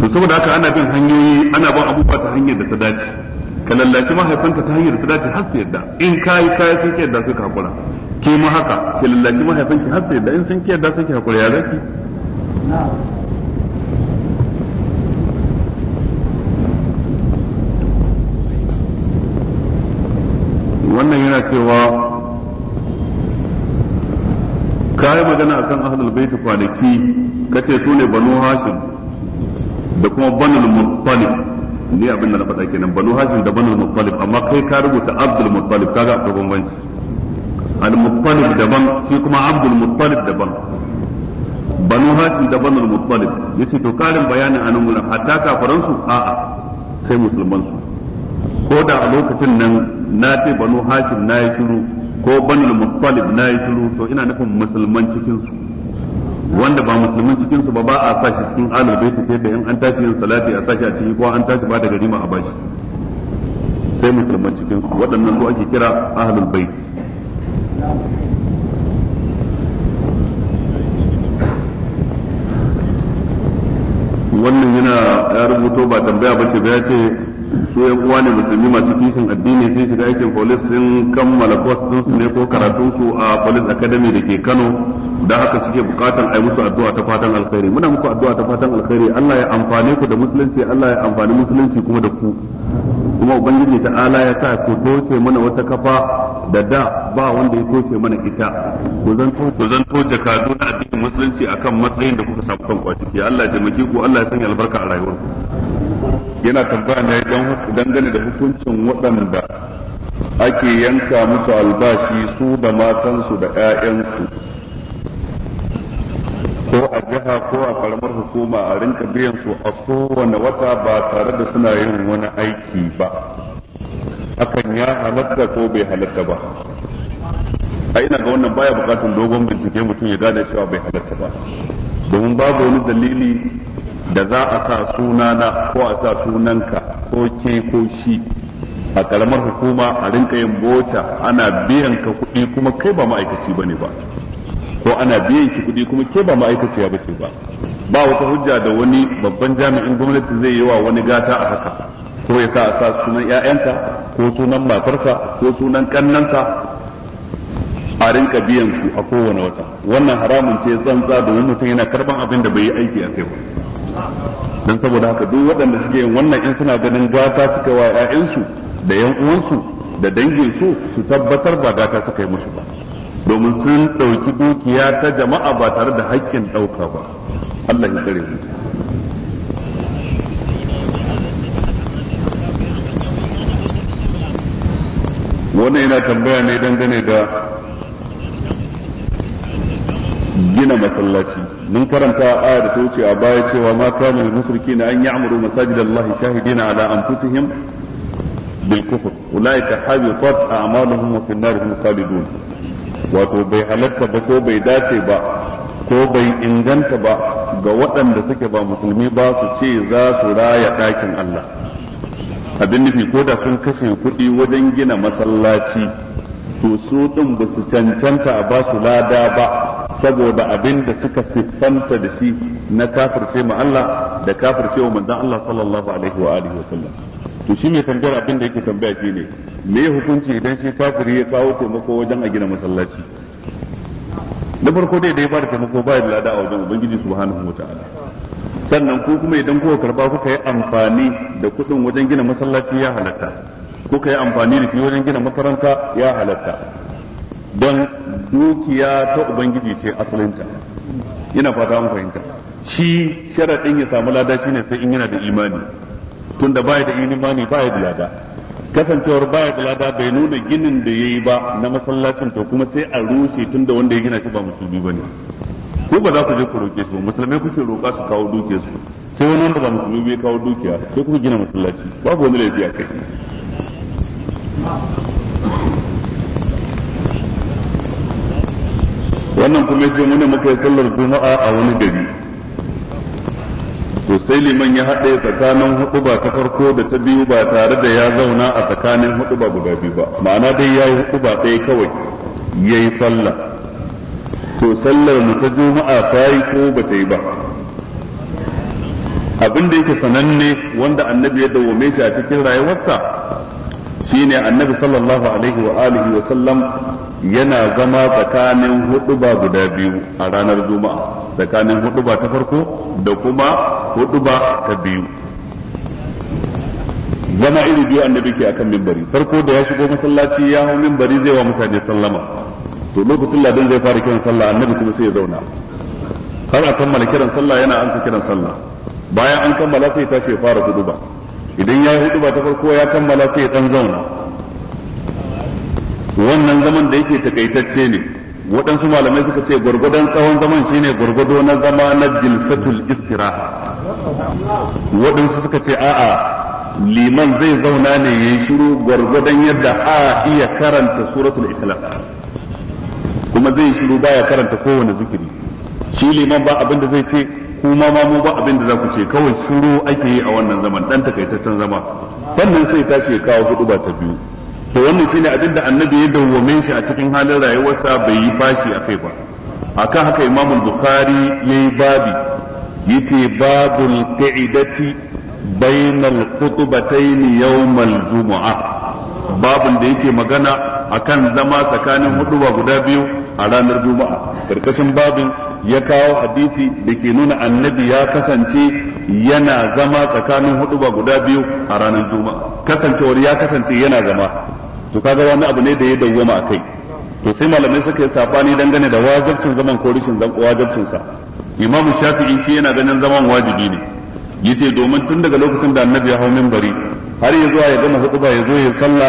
Speaker 1: to saboda haka ana bin hanyoyi ana bin abubuwa ta hanyar da ta dace ka lallaci mahaifinka ta hanyar da ta har su yadda in kayi kayan sun ke yadda sai ka hakura ke ma haka ki lallaci mahaifinki har su yadda in sun ke yadda sai ke hakura ya zaki wannan yana cewa yi magana akan ahlul bait kwanaki kace su ne banu hashim da kuma banu muttalib ni abin da na faɗa kenan banu hashim da banu muttalib amma kai ka rubuta abdul muttalib kaga akwai bambanci al muttalib daban shi kuma abdul muttalib daban banu hashim da banu muttalib yace to karin bayanin anan gurin hatta kafaran su a'a sai musulman su ko da a lokacin nan na ce banu hashim na yi shiru ko banu muttalib na yi shiru to ina nufin musulman cikin su wanda ba musulmin cikin su ba ba a sashi cikin alul baiti sai da in an tashi yin salati a sashi a ciki ko an tashi ba da garima a bashi sai musulman cikin su waɗannan su ake kira ahlul bait wannan yana ya rubuto ba tambaya ba ce ba ya ce su yan uwa ne musulmi masu kishin addini sun shiga aikin police sun kammala course su ne ko karatun su a police academy da ke Kano da haka suke bukatan yi musu addu'a ta fatan alkhairi muna muku addu'a ta fatan alkhairi Allah ya amfane ku da musulunci Allah ya amfani musulunci kuma da ku kuma ubangiji ta ala ya sa ku toce mana wata kafa da da ba wanda ya toce mana ita ku zan ku zan toce kaduna addinin musulunci akan matsayin da kuka samu kanku a ciki Allah ya taimake ku Allah ya sanya albarka a rayuwarku yana tambaya ne don dangane da hukuncin waɗanda ake yanka musu albashi su da matansu da 'ya'yansu ko a jiha ko a karamar hukuma a rinka biyan su a kowane wata ba tare da suna yin wani aiki ba hakan ya halatta ko bai halatta ba a ina ga wannan baya bukatun dogon bincike mutum ya gane cewa bai halatta ba domin babu wani dalili da za a sa sunana ko a sa sunanka ko ke ko shi a karamar hukuma a rinka yin bota ana biyan ka kuɗi kuma kai ba ma'aikaci bane ba ko ana biyan ki kuɗi kuma ke ba ma'aikaci ba ce ba ba wata hujja da wani babban jami'in gwamnati zai yi wa wani gata a haka ko ya sa a sa sunan 'ya'yanka ko sunan matarsa ko sunan kannansa a rinka biyan su a kowane wata wannan haramun ce tsantsa domin mutum yana karban abin da bai yi aiki a kai ba Don saboda haka duk waɗanda suke yin wannan in suna ganin gata suka wa 'ya'yansu da yan uwansu da danginsu su tabbatar ba gata suka yi musu ba domin sun ɗauki dukiya ta jama'a ba tare da haƙƙin ɗauka ba Allah ya tsare wannan yana tambaya ne dangane da gina masallaci mun karanta aya da ta wuce a baya cewa ma kana lil musrikina an ya'muru masajidallahi shahidina ala anfusihim bil kufr ulaika habitat a'maluhum wa fi an-nar hum khalidun wato bai halatta ba ko bai dace ba ko bai inganta ba ga waɗanda suke ba musulmi ba su ce za su raya ɗakin Allah abin nufi ko da sun kashe kuɗi wajen gina masallaci to su ɗin ba su cancanta a ba su lada ba saboda abin da suka siffanta da shi na kafirce ma Allah da kafirce wa manzon Allah sallallahu alaihi wa alihi wa sallam to shi mai tambayar abin da yake tambaya shi ne me hukunci idan shi kafiri ya kawo taimako wajen a gina masallaci na farko dai da ya bada taimako ba ya lada a wajen ubangiji subhanahu wa ta'ala sannan ku kuma idan kuka karba kuka yi amfani da kuɗin wajen gina masallaci ya halatta kuka yi amfani da shi wajen gina makaranta ya halatta don dukiya ta ubangiji ce asalinta ina fata an fahimta shi sharaɗin ya samu lada shine sai in yana da imani tunda baya da imani baya da lada kasancewar baya da lada bai nuna ginin da yayi ba na masallacin to kuma sai a rushe tunda wanda ya gina shi ba musulmi bane ko ba za ku je ku roke su musulmai kuke roƙa su kawo dukiyar su sai wani wanda ba musulmi bai kawo dukiya sai kuka gina masallaci babu wani laifi a kai wannan kuma ce muna muka yi sallar juma'a a wani gari to sai liman ya haɗe tsakanin ba ta farko da ta biyu ba tare da ya zauna a tsakanin huɗuba guda biyu ba ma'ana dai ya yi ba ɗaya kawai ya yi sallah to sallar mu ta juma'a ta yi ko ba ta yi ba abin da yake sananne wanda annabi ya dawwame shi a cikin rayuwarsa shine annabi sallallahu alaihi wa alihi wa sallam yana zama tsakanin huduba guda biyu a ranar juma'a tsakanin huduba ta farko da kuma huduba ta biyu zama iri biyu annabi ke akan mimbari farko da ya shigo masallaci ya hau mimbari zai wa mutane sallama to lokacin ladan zai fara kiran sallah annabi kuma sai ya zauna har a kammala kiran sallah yana ansa kiran sallah bayan an kammala sai tashi ya fara huduba idan ya yi hudu ba ta farko ya kammala sai ya dan zauna wannan zaman da yake takaitacce ne waɗansu malamai suka ce gwargwadon tsawon zaman shine gwargwado na zama na jilsatul istiraha waɗansu suka ce a'a liman zai zauna ne ya yi shiru gwargwadon yadda a iya karanta suratul ikhlas kuma zai shiru baya karanta kowane zikiri shi liman ba abinda zai ce kuma ma mu ba abin da za ku ce kawai shiru ake yi a wannan zaman dan takaitaccen zama sannan sai tashi ya kawo hudu ba ta biyu to wannan shine abin da annabi ya dawwame shi a cikin halin rayuwarsa bai yi fashi a kai ba akan haka imamu bukhari yayi babi yace babul qa'idati bainal qutbatayn yawmal jumu'ah babin da yake magana akan zama tsakanin hudu guda biyu a ranar juma'a karkashin babin ya kawo hadisi da ke nuna annabi ya kasance yana zama tsakanin hudu ba guda biyu a ranar juma'a kasancewar ya kasance yana zama to kaga wani abu ne da ya dawwama a kai to sai malamai suka yi sabani dangane da wajibcin zaman ko rishin wajibcin sa imam shafi'i shi yana ganin zaman wajibi ne yace domin tun daga lokacin da annabi ya hau minbari har ya zuwa ya gama hutuba ya zo ya salla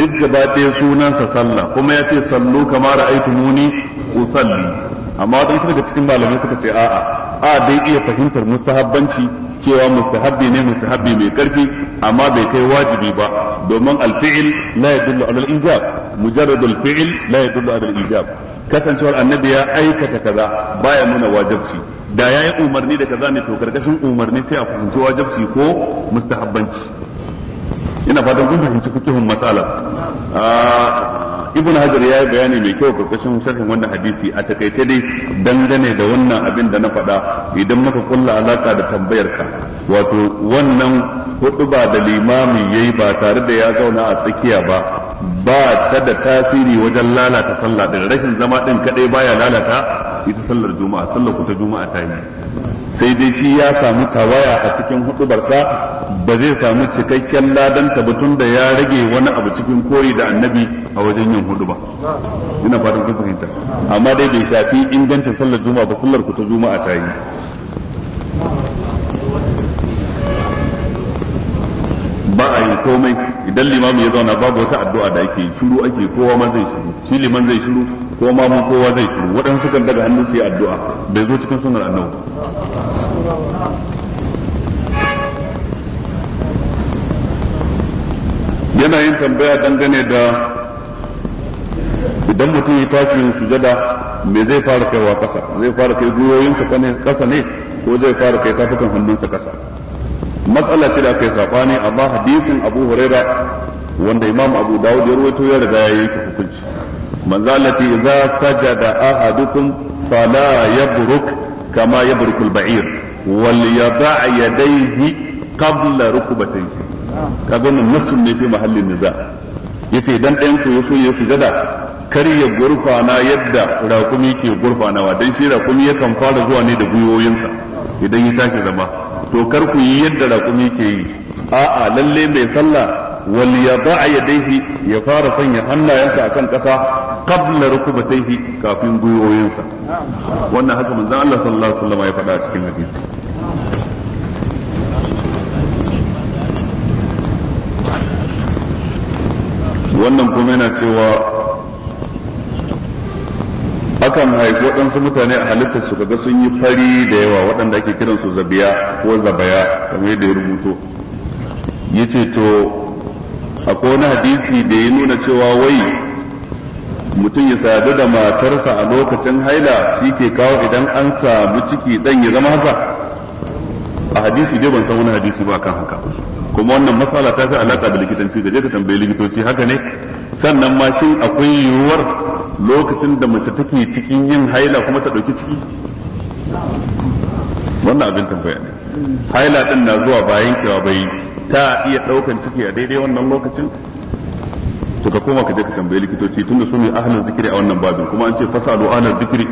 Speaker 1: duk gaba ɗaya sunansa sallah kuma ya ce sallu kamar ra'aytumuni usalli amma waɗansu daga cikin malamai suka ce a'a a dai iya fahimtar mustahabbanci cewa mustahabbi ne mustahabbi mai karfi amma bai kai wajibi ba domin alfi'il la yadullu ala al-ijab mujarrad al-fi'il la yadullu ala al-ijab kasancewar annabi ya aikata kaza baya nuna wajibci da yayi umarni da kaza ne to karkashin umarni sai a fahimci wajibci ko mustahabbanci ina fatan kun fahimci fikihun matsala ah, ibn hajar ya yi bayani mai kyau karkashin sharhin wannan hadisi a takaice dai dangane da wannan abin da na faɗa idan muka kulla alaka da tambayarka wato wannan huɗuba da limamin ya yi ba tare da ya zauna a tsakiya ba ba ta da tasiri wajen lalata sallah daga rashin zama ɗin kaɗai baya lalata ita sallar juma'a sallar ku ta juma'a ta yi sai dai shi ya samu tawaya a cikin hudubarsa ba zai samu cikakken ladan tun da ya rage wani abu cikin koyi da annabi a wajen yin hudu ba ina fatan kun fahimta amma dai bai shafi ingancin sallar juma'a ba sallar ku ta juma'a ta yi ba a yi komai idan limamu ya zauna babu wata addu'a da ake yi shiru ake kowa ma zai shiru shi liman zai shiru ko ma mun kowa zai shiru waɗansu kan daga hannu su yi addu'a bai zo cikin sunan annabi yana yin tambaya dangane da idan mutum ya tashi yin sujada me zai fara kaiwa kasa zai fara kai gwiwoyinsa kasa ne ko zai fara kai tafukan hannunsa kasa matsala ce da kai safani amma hadisin abu huraira wanda imam abu dawud ya rawaito ya riga ya yanke hukunci manzo Allah ce idza sajada ahadukum fala yabruk kama yabrukul ba'ir wal yada' yadayhi qabla rukbatayhi ka ga nan nassun ne fi mahallin niza yace dan ɗayan ku yaso ya sujada kar ya gurfana yadda rakumi ke gurfanawa dan shi rakumi yakan fara zuwa ne da gwiwoyinsa idan ya tashi zama to kar ku yi yadda rakumi ke yi a'a lalle mai sallah wal yada yadaihi ya fara sanya hannayensa akan ƙasa qabla rukubatayhi kafin gwiwoyinsa wannan haka manzon Allah sallallahu alaihi wasallam ya faɗa cikin hadisi wannan kuma yana cewa akan haifi waɗansu mutane a halittar su kaga sun yi fari da yawa waɗanda ake kiran su zabiya ko zabaya kamar yadda ya rubuto ce to akwai wani hadisi da ya nuna cewa wai mutum ya sadu da matarsa a lokacin haila shi ke kawo idan an samu ciki ɗan ya zama haka a hadisi dai ban san wani hadisi ba kan haka kuma wannan matsala ta fi alaƙa da likitanci da ka tambayi likitoci haka ne sannan ma shin akwai yiwuwar lokacin da mace take cikin yin haila kuma ta ɗauki ciki wannan abin tambaya ne haila ɗin na zuwa bayan kewa bai ta iya ɗaukan ciki a daidai wannan lokacin to ka koma ka je ka tambayi likitoci tunda su ne ahlul zikiri a wannan babin kuma an ce fasalu ahlul zikiri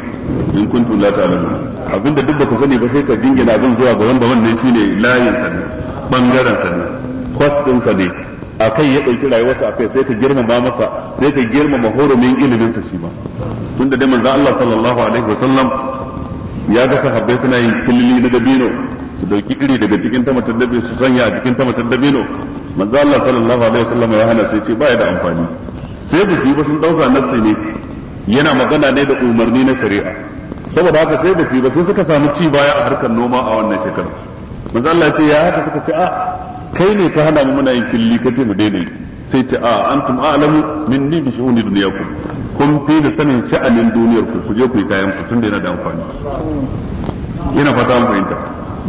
Speaker 1: in kuntum la ta'lamun abinda duk baka sani ba sai ka jingina abin zuwa ga wanda wannan shine layin sa bangaren sa kwas ɗinsa ne a kai ya ɗauki rayuwarsa a kai sai ka girmama masa sai ka girmama hurumin iliminsa shi ma tunda dai manzo Allah sallallahu alaihi wasallam ya ga sahabbai suna yin kilili na dabino su dauki iri daga cikin tamatar dabino su sanya a cikin ta tamatar dabino manzo Allah sallallahu alaihi wasallam ya hana sai ce ba ya da amfani sai da shi ba sun dauka nafsi ne yana magana ne da umarni na shari'a saboda haka sai da shi ba sai suka samu ci baya a harkar noma a wannan shekarar manzo Allah ce ya haka suka ce a ah, kai ne ka hana mu muna yin killi ka ce mu daina yi sai ce a antum a'lamu minni bi shu'uni dunyakum kun fi da sanin sha'anin duniyar ku ku je ku yi kayan ku yana da amfani ina fata an fahimta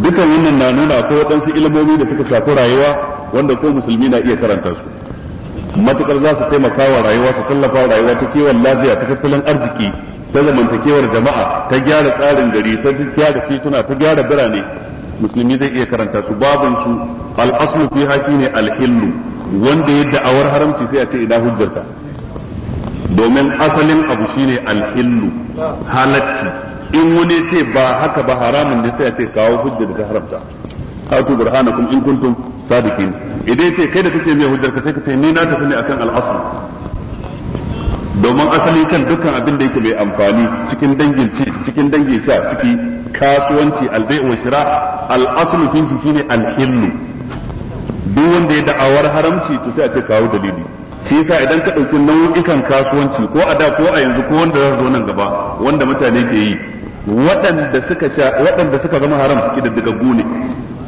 Speaker 1: dukan wannan na nuna akwai waɗansu ilimomi da suka shafi rayuwa wanda ko musulmi na iya karanta su matukar za su taimaka wa rayuwa su tallafa rayuwa ta kiwon lafiya ta tattalin arziki ta zamantakewar jama'a ta gyara tsarin gari ta gyara tituna ta gyara birane musulmi zai iya karanta su babun su al-aslu ha shine al-hillu wanda ya da'awar haramci sai a ce ina hujjarta domin asalin abu shine al-hillu halacci in wani ce ba haka ba haramun ne sai a ce kawo hujja da ta haramta hatu burhanakum in kuntum sadiqin idan ce kai da kake mai hujjar ka sai ka ce ni na tafi ne akan al-asl domin asali kan dukkan abin da yake mai amfani cikin dangin ci cikin dangin sha ciki kasuwanci albai wa shira al'asulu fi shi shine alhillu duk wanda ya da'awar haramci to sai a ce kawo dalili shi yasa idan ka ɗauki nau'ikan kasuwanci ko a da ko a yanzu ko wanda zai zo nan gaba wanda mutane ke yi waɗanda suka sha waɗanda suka zama haram kididdigaggu ne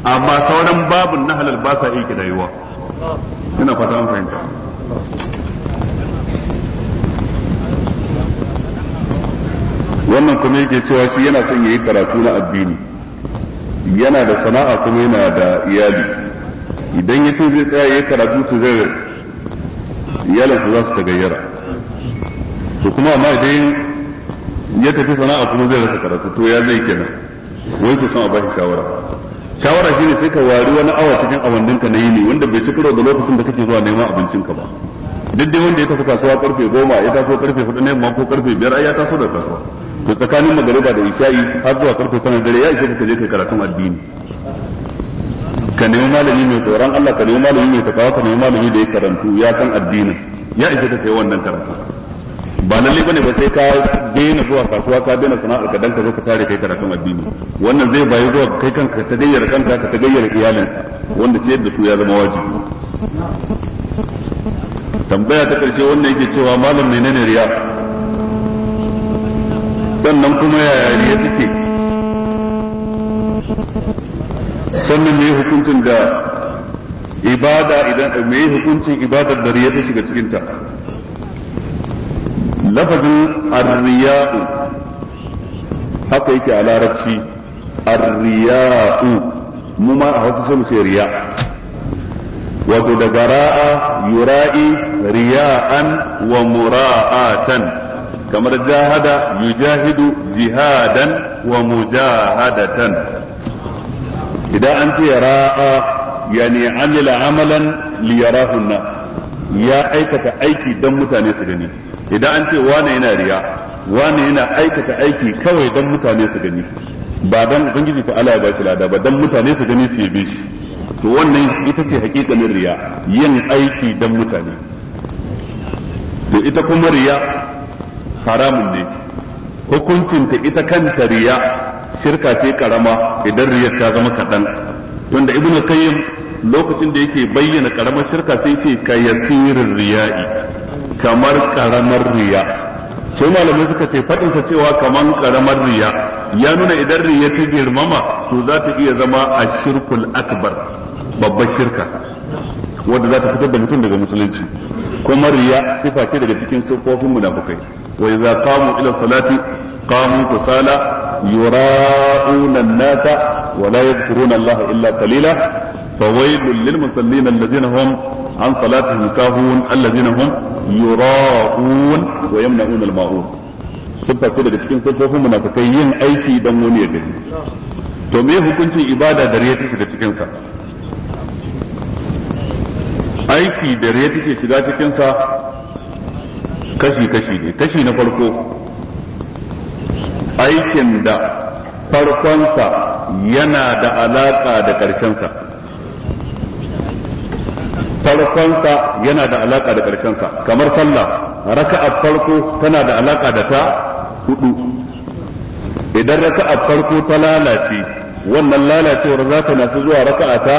Speaker 1: amma sauran babun na halal ba sa iya kidayuwa ina fata an fahimta wannan kuma yake cewa shi yana son yayi karatu na addini yana da sana'a kuma yana da iyali idan ya ce zai tsaya yayi karatu to zai iyalansa za su tagayyara to kuma amma idan ya tafi sana'a kuma zai rasa karatu to ya zai kenan wai ku san a bashi shawara shawara shine sai ka wari wani awa cikin awanninka na yini wanda bai ci karo da lokacin da kake zuwa neman abincinka ba duk dai wanda ya tafi kasuwa karfe goma ya taso karfe hudu na yamma ko karfe biyar ai ya taso da kasuwa to tsakanin magariba da isha'i har zuwa karfe tana dare ya isa ka je kai karatun addini ka nemi malami mai tsoron Allah ka nemi malami mai takawa ka nemi malami da ya karantu ya san addinin ya isa ka kai wannan karatu ba na liba ne ba sai ka daina zuwa kasuwa ka daina sana'ar ka dan ka zo ka tare kai karatun addini wannan zai bayi zuwa kai kanka ta gayyara kanka ka ta gayyara iyalin wanda ciyar da su ya zama wajibi tambaya ta karshe wannan yake cewa malam menene riya sannan kuma yaya ne ya suke sannan me hukuncin da ibada idan me hukuncin ibadar da riya ta shiga cikinta lafazin arriya'u haka yake a larabci arriya'u mu ma a hausa sai mu ce riya wato daga ra'a yura'i riya'an wa mura'atan kamar jahada yujahidu jihadan wa mujahadatan idan an ce ra'a yani amila amalan li yarahu ya aikata aiki dan mutane su gani idan an ce wane yana riya wane yana aikata aiki kawai dan mutane su gani ba dan ubangiji ta Allah ba shi lada ba dan mutane su gani su yabe shi to wannan ita ce hakikanin riya yin aiki dan mutane to ita kuma riya haramun ne hukuncinta ita kanta riya shirka ce karama idan riyar ta zama kaɗan tunda ibnu kayyim lokacin da yake bayyana karamar shirka sai ce ka riya'i kamar karamar riya sai malamai suka ce faɗinsa cewa kamar karamar riya ya nuna idan riya ta girmama to za ta iya zama a shirkul akbar babbar shirka wadda za ta fitar da mutum daga musulunci kuma riya sifa ce daga cikin sifofin munafikai wa idza qamu ila salati qamu kusala yura'una an-nasa wa la yadhkuruna Allah illa qalila fawailul lil musallin alladhina hum an salatihim sahun alladhina hum yura'un wa yamna'una al-ma'un sifa ce daga cikin sifofin munafikai yin aiki dan wani ya gani to me hukuncin ibada da riya ta shiga cikin sa aiki da riya take shiga cikinsa kashi-kashi ne kashi na farko aikin da farkonsa yana da alaƙa da ƙarshensa farkonsa yana da alaƙa da ƙarshensa kamar sallah raka'a farko tana da alaƙa da ta hudu idan raka'a farko ta lalace wannan lalacewar za ta nasu zuwa raka'a ta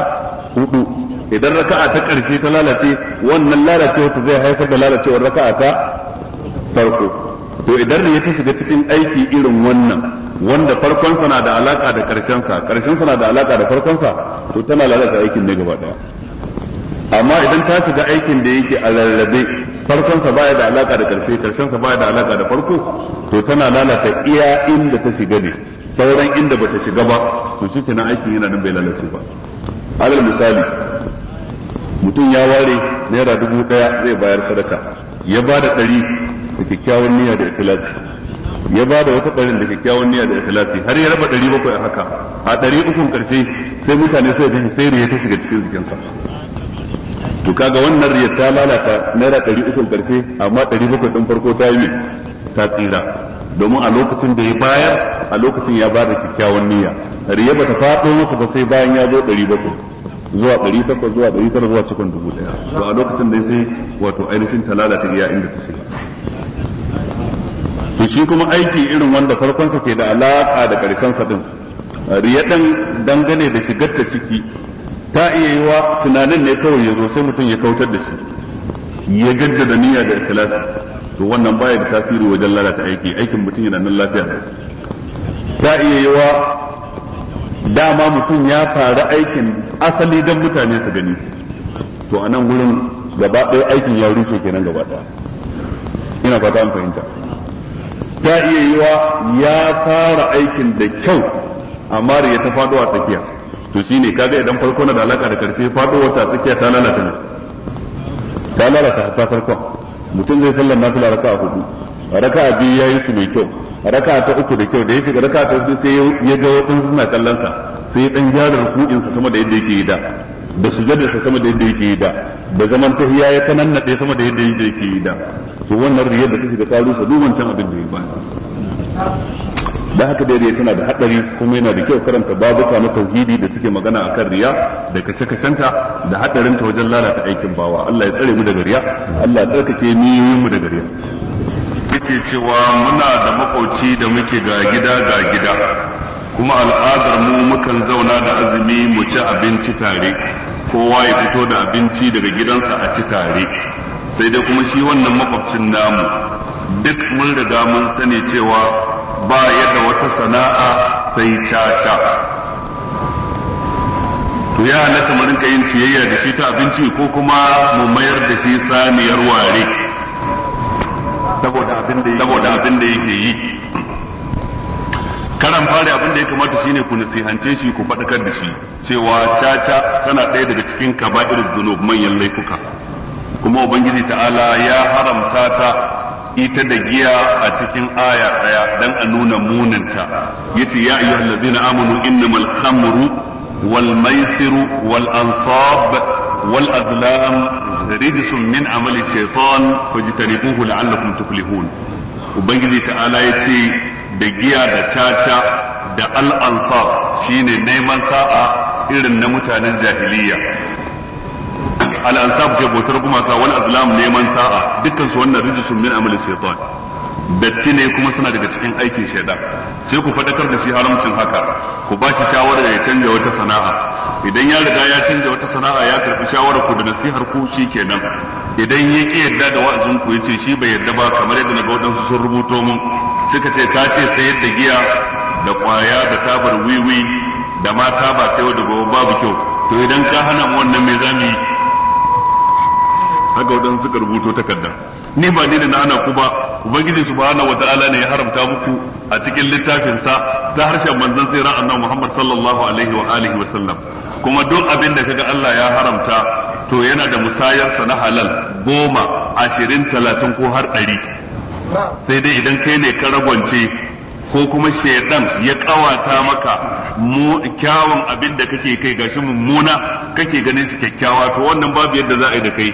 Speaker 1: hudu idan raka'a ta ƙarshe ta lalace wannan lalace wata zai haifar da lalacewar raka'a ta farko to idan ne ta shiga cikin aiki irin wannan wanda farkonsa na da alaka da ƙarshensa ƙarshensa na da alaka da farkonsa to tana lalata aikin ne gaba ɗaya amma idan ta shiga aikin da yake a rarrabe farkonsa baya da alaka da ƙarshe ƙarshensa baya da alaka da farko to tana lalata iya inda ta shiga ne sauran inda bata shiga ba to shi kenan aikin yana nan bai lalace ba alal misali mutum ya ware naira dubu daya zai bayar sadaka ya ba da ɗari da kyakkyawan niyya da ikhlasi ya ba da wata ɗarin da kyakkyawan niyya da ikhlasi har ya raba ɗari bakwai a haka a ɗari ukun ƙarshe sai mutane sai da sai riya ta shiga cikin jikinsa to kaga wannan riya ta lalata naira ɗari ukun ƙarshe amma ɗari bakwai ɗin farko ta yi ta tsira domin a lokacin da ya bayar a lokacin ya ba da kyakkyawan niyya riya bata faɗo masa ba sai bayan ya zo ɗari bakwai zuwa 800 zuwa tara zuwa cikin 1000 to a lokacin da sai wato ainihin talala ta iya inda ta sai to shi kuma aiki irin wanda farkon sa ke da alaƙa da karshen sa din riyadan dangane da shigar ta ciki ta iya yi wa tunanin ne kawai ya zo sai mutum ya kautar da shi ya jaddada niyya da ikhlasi to wannan baya da tasiri wajen lalata aiki aikin mutum yana nan lafiya ta iya yi wa. dama mutum ya fara aikin asali don mutane su gani to a nan gurin gaba ɗaya aikin ya rufe kenan gaba ɗaya ina fata an fahimta ta iya yi wa ya fara aikin da kyau amma da ya ta faɗo a tsakiya to ne kaga idan farko na da alaka da karshe faɗo ta tsakiya ta lalata ne ta lalata ta farkon mutum zai sallar na raka a hudu a biyu ya yi su mai kyau raka ta uku da kyau da ya shiga raka ta uku sai ya ga waɗansu suna kallon sa sai dan gyara ruku'in sa sama da yadda yake yi da da sujada sa sama da yadda yake yi da da zaman tahiyya ya da sama da yadda yake yi da to wannan riyar da ta shiga ta rusa duban can abin da ya ba da haka dai tana da hadari kuma yana da kyau karanta babuka na tauhidi da suke magana akan riya da kashe kashenta da hadarin ta wajen lalata aikin bawa Allah ya tsare mu daga riya Allah ya tsarkake niyoyin mu daga riya suke cewa muna da makauci da muke ga gida ga gida kuma al'adar mu mukan zauna da azumi mu ci abinci tare kowa ya fito da abinci daga gidansa a ci tare sai dai kuma shi wannan makwabcin namu duk mun riga mun sani cewa ba da wata sana'a sai caca to ya halatta mu rinka yin ciyayya da shi ta abinci ko kuma mu mayar da shi saniyar ware saboda abin da saboda abin da yake yi karan fare abin da ya kamata shine ku nasihance shi ku faɗakar da shi cewa caca tana ɗaya daga cikin kaba'irul zunub manyan laifuka kuma ubangiji ta'ala ya haramta ta ita da giya a cikin aya ɗaya, dan a nuna munanta yace ya ayyuhal ladina amanu innamal khamru wal maisiru wal ansab wal azlam rijsun min amali shaytan fajtanibuhu la'allakum tuflihun ubangiji ta'ala yace da giya da caca da al-ansab shine neman sa'a irin na mutanen jahiliya al-ansab ke bautar gumaka wal azlam neman sa'a dukkan wannan min datti ne kuma suna daga cikin aikin shaidan sai ku faɗakar da shi haramcin haka ku ba shi shawarar ya canja wata sana'a idan ya riga ya canja wata sana'a ya karɓi shawarar ku da nasihar ku shi kenan idan ya ƙi yadda da wa'azin ku yace shi bai yadda ba kamar yadda naga waɗansu sun rubuto mun suka ce ka ce sayar da giya da ƙwaya da tabar wiwi da mata taba ta yau da gobe babu kyau to idan ka hana mu wannan me zamu yi haka waɗansu suka rubuto takarda ni ba ni da na hana ku ba ubangiji subhanahu wataala ne ya haramta muku a cikin littafin sa ta harshen manzon ran annabi Muhammad sallallahu alaihi wa alihi wa sallam kuma duk abin da kaga Allah ya haramta to yana da musayar sa na halal goma ashirin talatin ko har ɗari sai dai idan kai ne ka ragwance ko kuma shaidan ya kawata maka kyawun abin da kake kai gashi mummuna kake ganin su kyakkyawa to wannan babu yadda za a yi da kai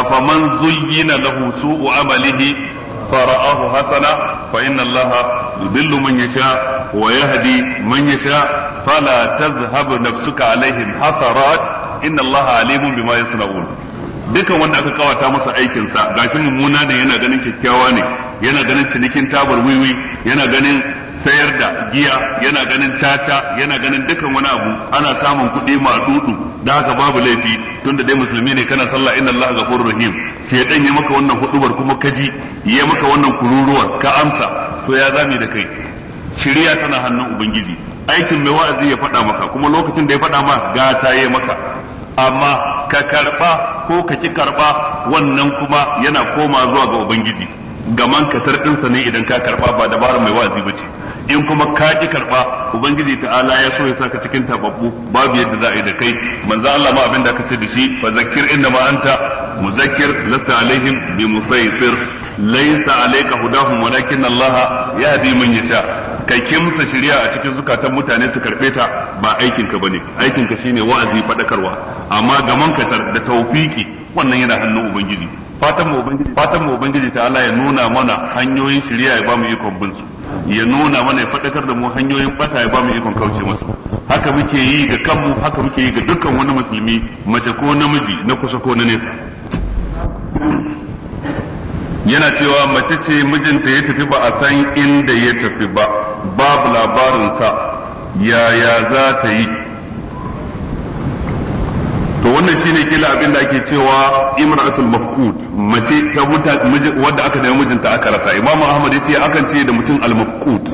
Speaker 1: afaman zuyyina lahu su'u amalihi فرآه حسنا فإن الله يضل من يشاء ويهدي من يشاء فلا تذهب نفسك عليهم حسرات إن الله عليم بما يصنعون dukan wanda aka kawata masa aikinsa gashi mummuna ne yana ganin kyakkyawa ne yana ganin cinikin tabar wiwi yana ganin sayar da giya yana ganin caca yana ganin dukkan wani abu ana samun kuɗi dudu da haka babu laifi tunda dai musulmi ne kana sallah inna allaha ghafurur rahim shedan ya maka wannan hudubar kuma kaji ya maka wannan kururuwar ka amsa to ya zame da kai shiriya tana hannun ubangiji aikin mai wa'azi ya faɗa maka kuma lokacin da ya faɗa ma ta yi maka amma ka karɓa ko ka ki karɓa wannan kuma yana koma zuwa ga ubangiji gaman ka ɗinsa ne idan ka karba ba dabarar mai wa'azi ba ce in kuma ka ki karba ubangiji ta'ala ya so ya saka cikin tababbu babu yadda za a yi da kai manzo Allah ma abin da ka ce da shi fa zakir inna ma anta muzakkir lasta alaihim bi musaytir laysa alayka hudahum walakin Allah yahdi man yasha ka kimsa shari'a a cikin zukatan mutane su karɓe ta ba aikin ka bane aikin ka shine wa'azi fadakarwa amma gaman ka da tawfiki wannan yana hannun ubangiji fatan mu ubangiji fatan mu ubangiji ta Allah ya nuna mana hanyoyin shari'a ya ba mu ikon bin su ya nuna mana ya faɗakar da mu hanyoyin bata ya ba mu ikon kauce masu haka muke yi ga kanmu haka muke yi ga dukkan wani musulmi mace ko namiji na kusa ko na nesa yana cewa mace ce mijinta ya tafi ba a san inda ya tafi ba babu labarinsa yaya za ta yi wannan shine kila abin da ake cewa imra'atul mafqud mace ta muta wanda aka nemi mijinta aka rasa imamu ahmad yace akan ce da mutum al mafqud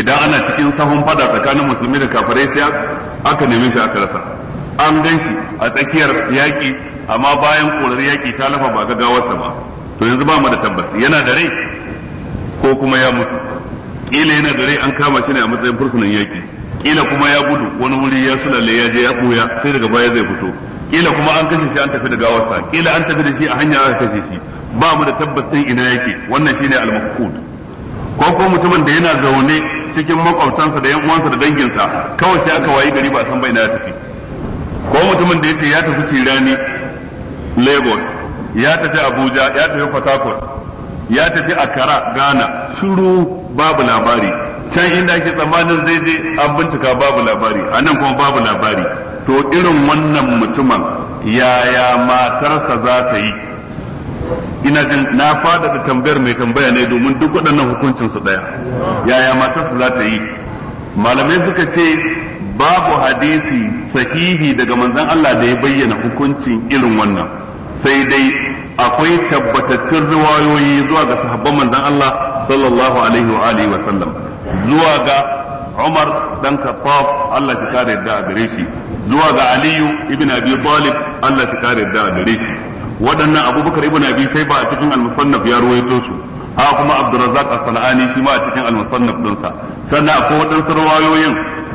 Speaker 1: idan ana cikin sahun fada tsakanin musulmi da kafirai sai aka nemi shi aka rasa an gan a tsakiyar yaki amma bayan korar yaki ta lafa ba ga gawarsa ba to yanzu ba mu da tabbas yana da rai ko kuma ya mutu kila yana da rai an kama shi ne a matsayin fursunan yaki kila kuma ya gudu wani wuri ya sulale ya je ya buya sai daga baya zai fito kila kuma an kashe shi an tafi da gawarsa kila an tafi da shi a hanya aka kashe shi ba mu da tabbas din ina yake wannan shine al maqud ko ko mutumin da yana zaune cikin makwabtansa da yan uwansa da danginsa kawai sai aka wayi gari ba san bai na ya tafi ko mutumin da yace ya tafi Cirani Lagos ya tafi Abuja ya tafi Port Harcourt ya tafi Accra Ghana shiru babu labari can inda ake tsammanin zai je an bincika babu labari a nan kuma babu labari to irin wannan mutumin yaya matarsa za ta yi ina jin na fada da tambayar mai tambaya ne domin duk waɗannan hukuncin su ɗaya yaya matarsa za ta yi malamai suka ce babu hadisi sahihi daga manzon Allah da ya bayyana hukuncin irin wannan sai dai akwai tabbatattun riwayoyi zuwa ga sahabban manzon Allah sallallahu alaihi wa sallam zuwa ga Umar dan Khattab Allah shi kare da gare shi zuwa ga Aliyu ibn Abi Talib Allah shi kare da gare shi waɗannan Abubakar ibn Abi ba a cikin al-Musannaf ya ruwaito su ha kuma Abdurrazzaq as-Sanani shi ma a cikin al-Musannaf sannan akwai waɗansu rawayoyin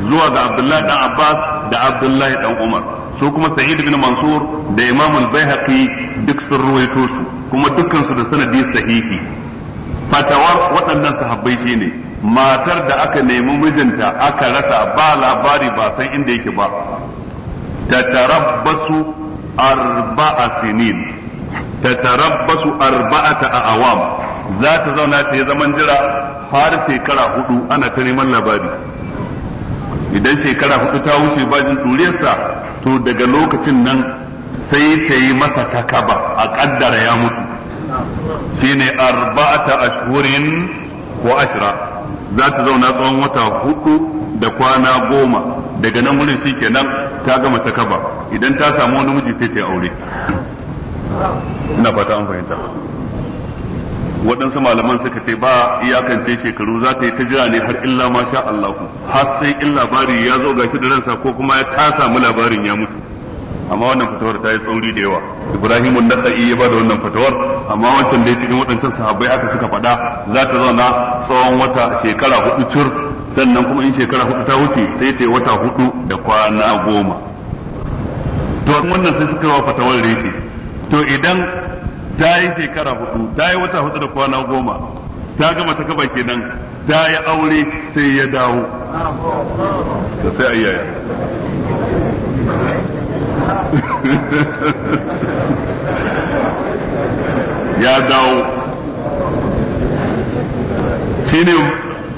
Speaker 1: zuwa ga Abdullahi dan Abbas da Abdullahi dan Umar su kuma Sa'id ibn Mansur da Imam al-Baihaqi duk sun ruwaito su kuma dukkan su da sanadi sahihi fatawar waɗannan sahabbai shine matar da aka nemi mijinta aka rasa ba labari ba san inda yake ba tatarabbasu arba'a sinin tatarabbasu arba'ata a awam za ta zauna ta yi zaman jira har shekara hudu ana ta neman labari idan shekara hudu ta wuce bajin duriyarsa to daga lokacin nan sai ta yi masa takaba a kaddara ya mutu shine arba'ata ashhurin wa ashra za ta zauna tsawon wata hudu da kwana goma daga nan wurin shi kenan ta gama ta kaba idan ta samu wani miji sai ta aure ina fata an fahimta waɗansu malaman suka ce ba iyakance shekaru za ta yi ta jira ne har illa ma sha Allahu har sai in labari ya zo gashi da ransa ko kuma ya ta samu labarin ya mutu amma wannan fatawar ta yi tsauri da yawa ibrahim an-nasa'i ya da wannan fatawar amma wancan da ya cikin waɗancan sahabbai aka suka faɗa za ta zauna tsawon wata shekara hudu cur sannan kuma in shekara hudu ta wuce sai ta yi wata hudu da kwana goma to wannan sai suka yi fatawar reshe to idan ta yi shekara hudu ta yi wata hudu da kwana goma ta gama ta gaba kenan ta yi aure sai ya dawo sai ya dawo ne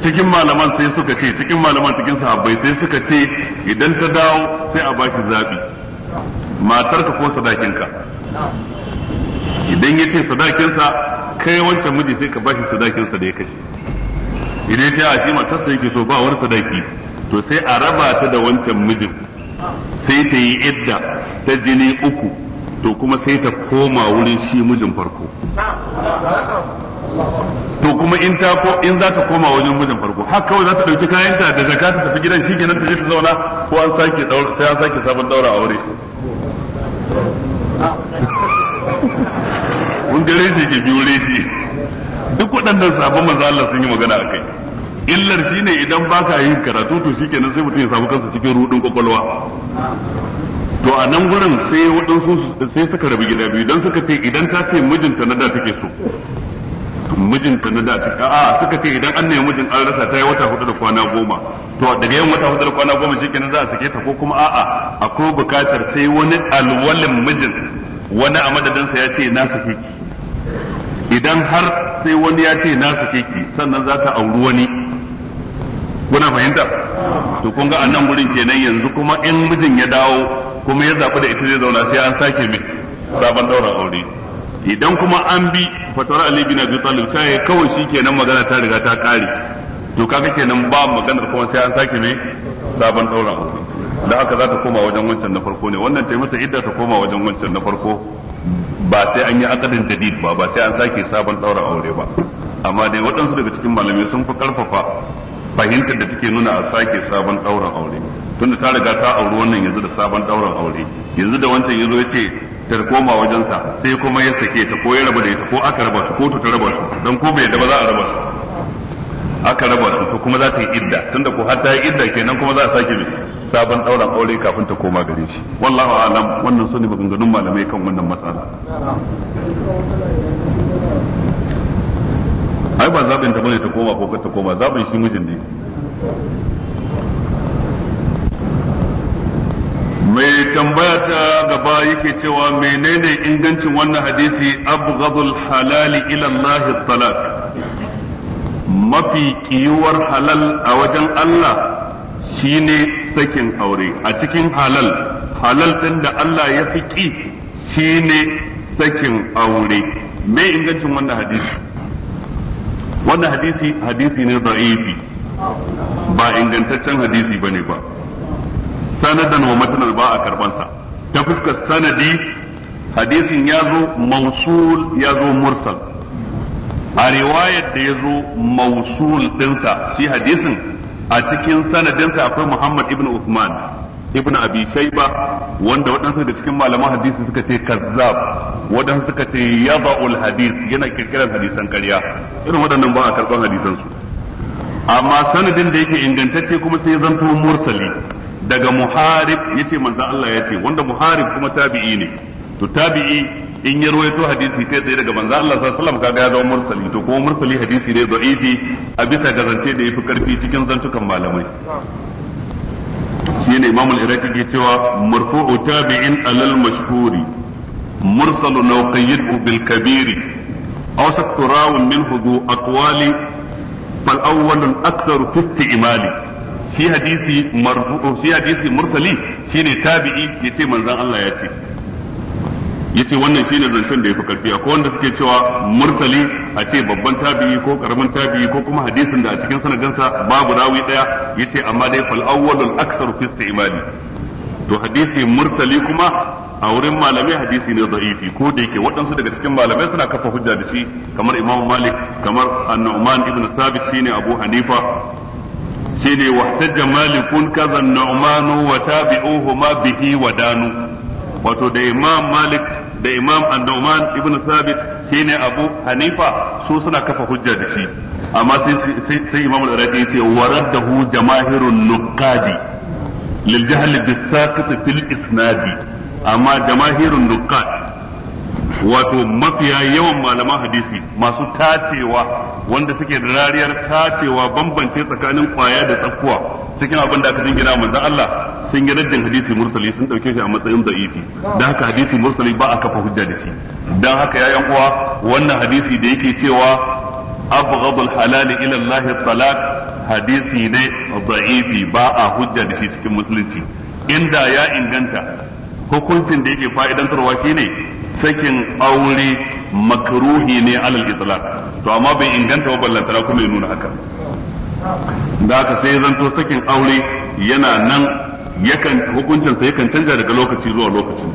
Speaker 1: cikin malaman sai suka ce cikin malaman cikin sahabbai sai suka ce idan ta dawo sai a bashi Matar matarka ko sadakinka idan ya ce sadakinsa kai wancan miji sai ka bashi sadakinsa da ya kashe idan ya ce a shi matarsa yake so ba wani sadaki to sai a raba ta da wancan mijin sai ta yi idda ta jini uku to kuma sai ta koma wurin shi mijin farko to kuma in ta ko in za ta koma wajen mijin farko har kawai za ta dauki kayanta da zakata ta tafi gidan shi kenan ta je ta zauna ko an sake daura sai an sake sabon daura aure mun gare shi ke biyo reshi duk waɗannan sabon manzo Allah sun yi magana akai illar shine idan baka yin karatu to shikenan sai mutum ya samu kansa cikin rudin kwakwalwa to a nan gurin sai waɗansu sai suka rabu gida biyu don suka ce idan ta ce mijinta na da take so mijinta na da take a suka ce idan an nemi mijin an rasa ta yi wata hudu da kwana goma to daga yin wata hudu da kwana goma cikin za a sake ta ko kuma a'a akwai bukatar sai wani alwalin mijin wani a madadinsa ya ce na sake ki idan har sai wani ya ce na sake ki sannan za ta auri wani kuna fahimta to kun ga a nan gurin kenan yanzu kuma in mijin ya dawo kuma ya zaɓi da ita zai zauna sai an sake mai sabon ɗaurin aure idan kuma an bi fatawar Ali bin Abi Talib ta yi kawai shi kenan magana ta riga ta ƙare to kaga kenan ba maganar kuma sai an sake mai sabon ɗaurin aure da aka za ta koma wajen wancan na farko ne wannan ta yi masa idda ta koma wajen wancan na farko ba sai an yi akadin jadid ba ba sai an sake sabon ɗaurin aure ba amma dai waɗansu daga cikin malamai sun fi ƙarfafa fahimtar da take nuna a sake sabon ɗaurin aure tunda ta riga ta auri wannan yanzu da sabon dauran aure yanzu da wancan yazo ya ce ta koma wajensa sai kuma ya sake ta ko ya raba da ita ko aka raba su ko ta raba su dan ko bai da ba za a raba su aka raba su to kuma za ta yi idda tunda ko har ta yi idda kenan kuma za a sake bi sabon dauran aure kafin ta koma gare shi wallahi alam wannan sune maganganun malamai kan wannan matsala ai ba zabin ta bane ta koma ko ta koma zabin shi mijin ne mai tambaya ta gaba yake cewa menene ingancin wannan hadisi abghadul halali ila Allah talak mafi kiyuwar halal a wajen Allah shine sakin aure a cikin halal halal din da Allah ya fi ki shine sakin aure me ingancin wannan hadisi wannan hadisi hadisi ne da'ifi ba ingantaccen hadisi bane ba sanadan wa matanar ba a karbansa ta fuskar sanadi hadisin ya zo mausul ya zo mursal a riwayar da ya zo mausul dinsa shi hadisin a cikin sanadinsa akwai muhammad ibn Usman, ibn abi shayba wanda waɗansu da cikin malaman hadisi suka ce kazzab waɗansu suka ce yaba'ul hadis yana kirkirar hadisan karya, irin waɗannan ba a karɓar hadisansu amma sanadin da yake ingantacce kuma sai zanto mursali daga muharib yace manzon Allah yace wanda muharib kuma tabi'i ne to tabi'i in ya rawaito hadisi kai tsaye daga manzon Allah sallallahu alaihi wasallam kaga ya zama mursali to kuma mursali hadisi ne da'ifi a bisa ga zance da yafi karfi cikin zantukan malamai shine imam al-iraqi ke cewa marfu'u tabi'in alal mashhuri mursalu law bil kabiri aw saktu rawun minhu du aqwali fal awwal akthar fi istimali shi hadisi marfu shi hadisi mursali shine tabi'i yace manzon Allah ya ce yace wannan shine zancen da fi karfi akwai wanda suke cewa mursali a ce babban tabi'i ko karamin tabi'i ko kuma hadisin da a cikin sanadinsa babu rawi daya yace amma dai fal awwalul aksar fi istimali to hadisi mursali kuma a wurin malamai hadisi ne da'ifi ko da yake waɗansu daga cikin malamai suna kafa hujja da shi kamar Imam Malik kamar An-Nu'man ibn Thabit shine Abu Hanifa shine wahtajja malikun kaza nu'manu wa tabi'uhuma bihi wa danu wato da imam malik da imam an-nu'man ibn sabit shine abu hanifa su suna kafa hujja da shi amma sai sai imam al-iraqi yace waraddahu jamaahirun nuqadi lil jahl bis saqit fil isnadi amma jamaahirun nuqadi wato mafiya yawan malaman hadisi masu tacewa wanda suke da rariyar tacewa bambance tsakanin kwaya da tsakuwa cikin abin da aka jingina manzo Allah sun yi raddin hadisi mursali sun dauke shi a matsayin da'ifi dan haka hadisi mursali ba a kafa hujja da shi dan haka yayan uwa wannan hadisi da yake cewa abghadul halal ila Allah salat hadisi ne da'ifi ba a hujja da shi cikin musulunci inda ya inganta hukuncin da yake fa'idantarwa shine sakin aure makruhi ne alal itlaq to amma bai inganta ba tara kuma ya nuna haka da haka sai zanto sakin aure yana nan yakan hukuncinsa yakan canja daga lokaci zuwa lokaci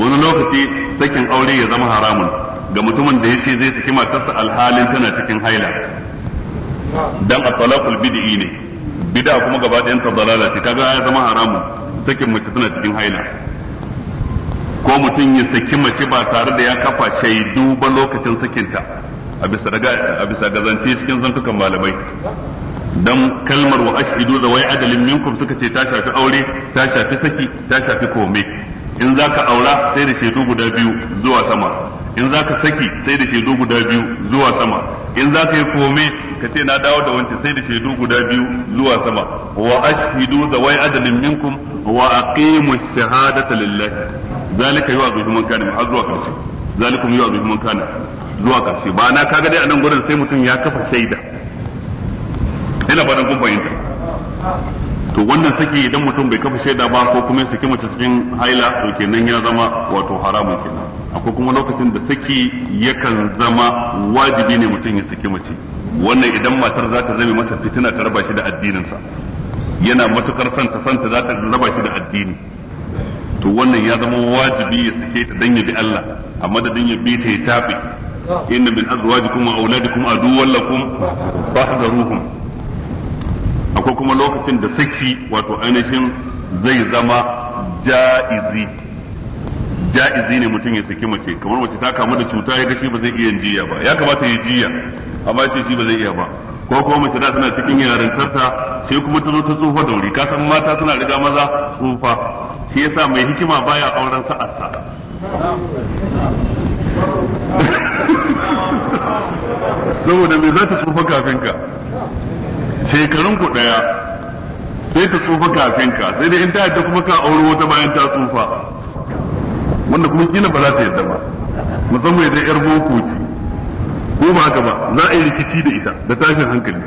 Speaker 1: wani lokaci sakin aure ya zama haramun ga mutumin da yace zai saki matarsa alhalin tana cikin haila dan at-talaqul bid'i ne bid'a kuma gaba ɗayan ta dalala ce kaga ya zama haramun sakin mace tana cikin haila ko mutum ya saki mace ba tare da ya kafa shaidu ba lokacin sakinta a bisa gazance zance cikin zantukan malamai Don kalmar wa ashidu da wai adalin minkum suka ce ta shafi aure ta shafi saki ta shafi kome in za ka aura sai da shaidu guda biyu zuwa sama in za ka saki sai da shaidu guda biyu zuwa sama in zaka yi kome ka ce na dawo da wance sai da shaidu guda biyu zuwa sama wa ashidu da wai adalin minkum wa aqimu shahadata lillahi zalika yuwa zuhi man kana har zuwa karshe zalikum yuwa zuhi man kana zuwa karshe ba na kaga dai a nan gurin sai mutum ya kafa shaida ina fatan kun fahimta to wannan saki idan mutum bai kafa shaida ba ko kuma saki mace cikin haila to kenan ya zama wato haramun kenan akwai kuma lokacin da saki yakan zama wajibi ne mutum ya saki mace wannan idan matar za ta zame masa fitina ta raba shi da addininsa yana matukar santa santa za ta raba shi da addini to wannan ya zama wajibi ya sake ta dan ya bi Allah a madadin ya bi ta ya tafi kuma min azwajikum wa auladikum aduwwan da fahdharuhum akwai kuma lokacin da saki wato ainihin zai zama ja'izi ja'izi ne mutum ya saki mace kamar mace ta kamu da cuta ya ga shi ba zai iya jiya ba ya kamata ya jiya amma ce shi ba zai iya ba ko kuma mace da tana cikin yarintarta sai kuma ta zo ta tsufa da wuri kasan mata suna riga maza tsufa shi yasa mai hikima baya auren sa-sa. saboda me za ta tsufa kafin ka shekarun ku daya sai ta tsufa kafin ka sai dai in ta yadda kuma ka auri wata bayan ta tsufa wanda kuma kila ba za ta yadda ba musamman idan yar boko ce ko ba haka ba za a yi rikici da ita da tashin hankali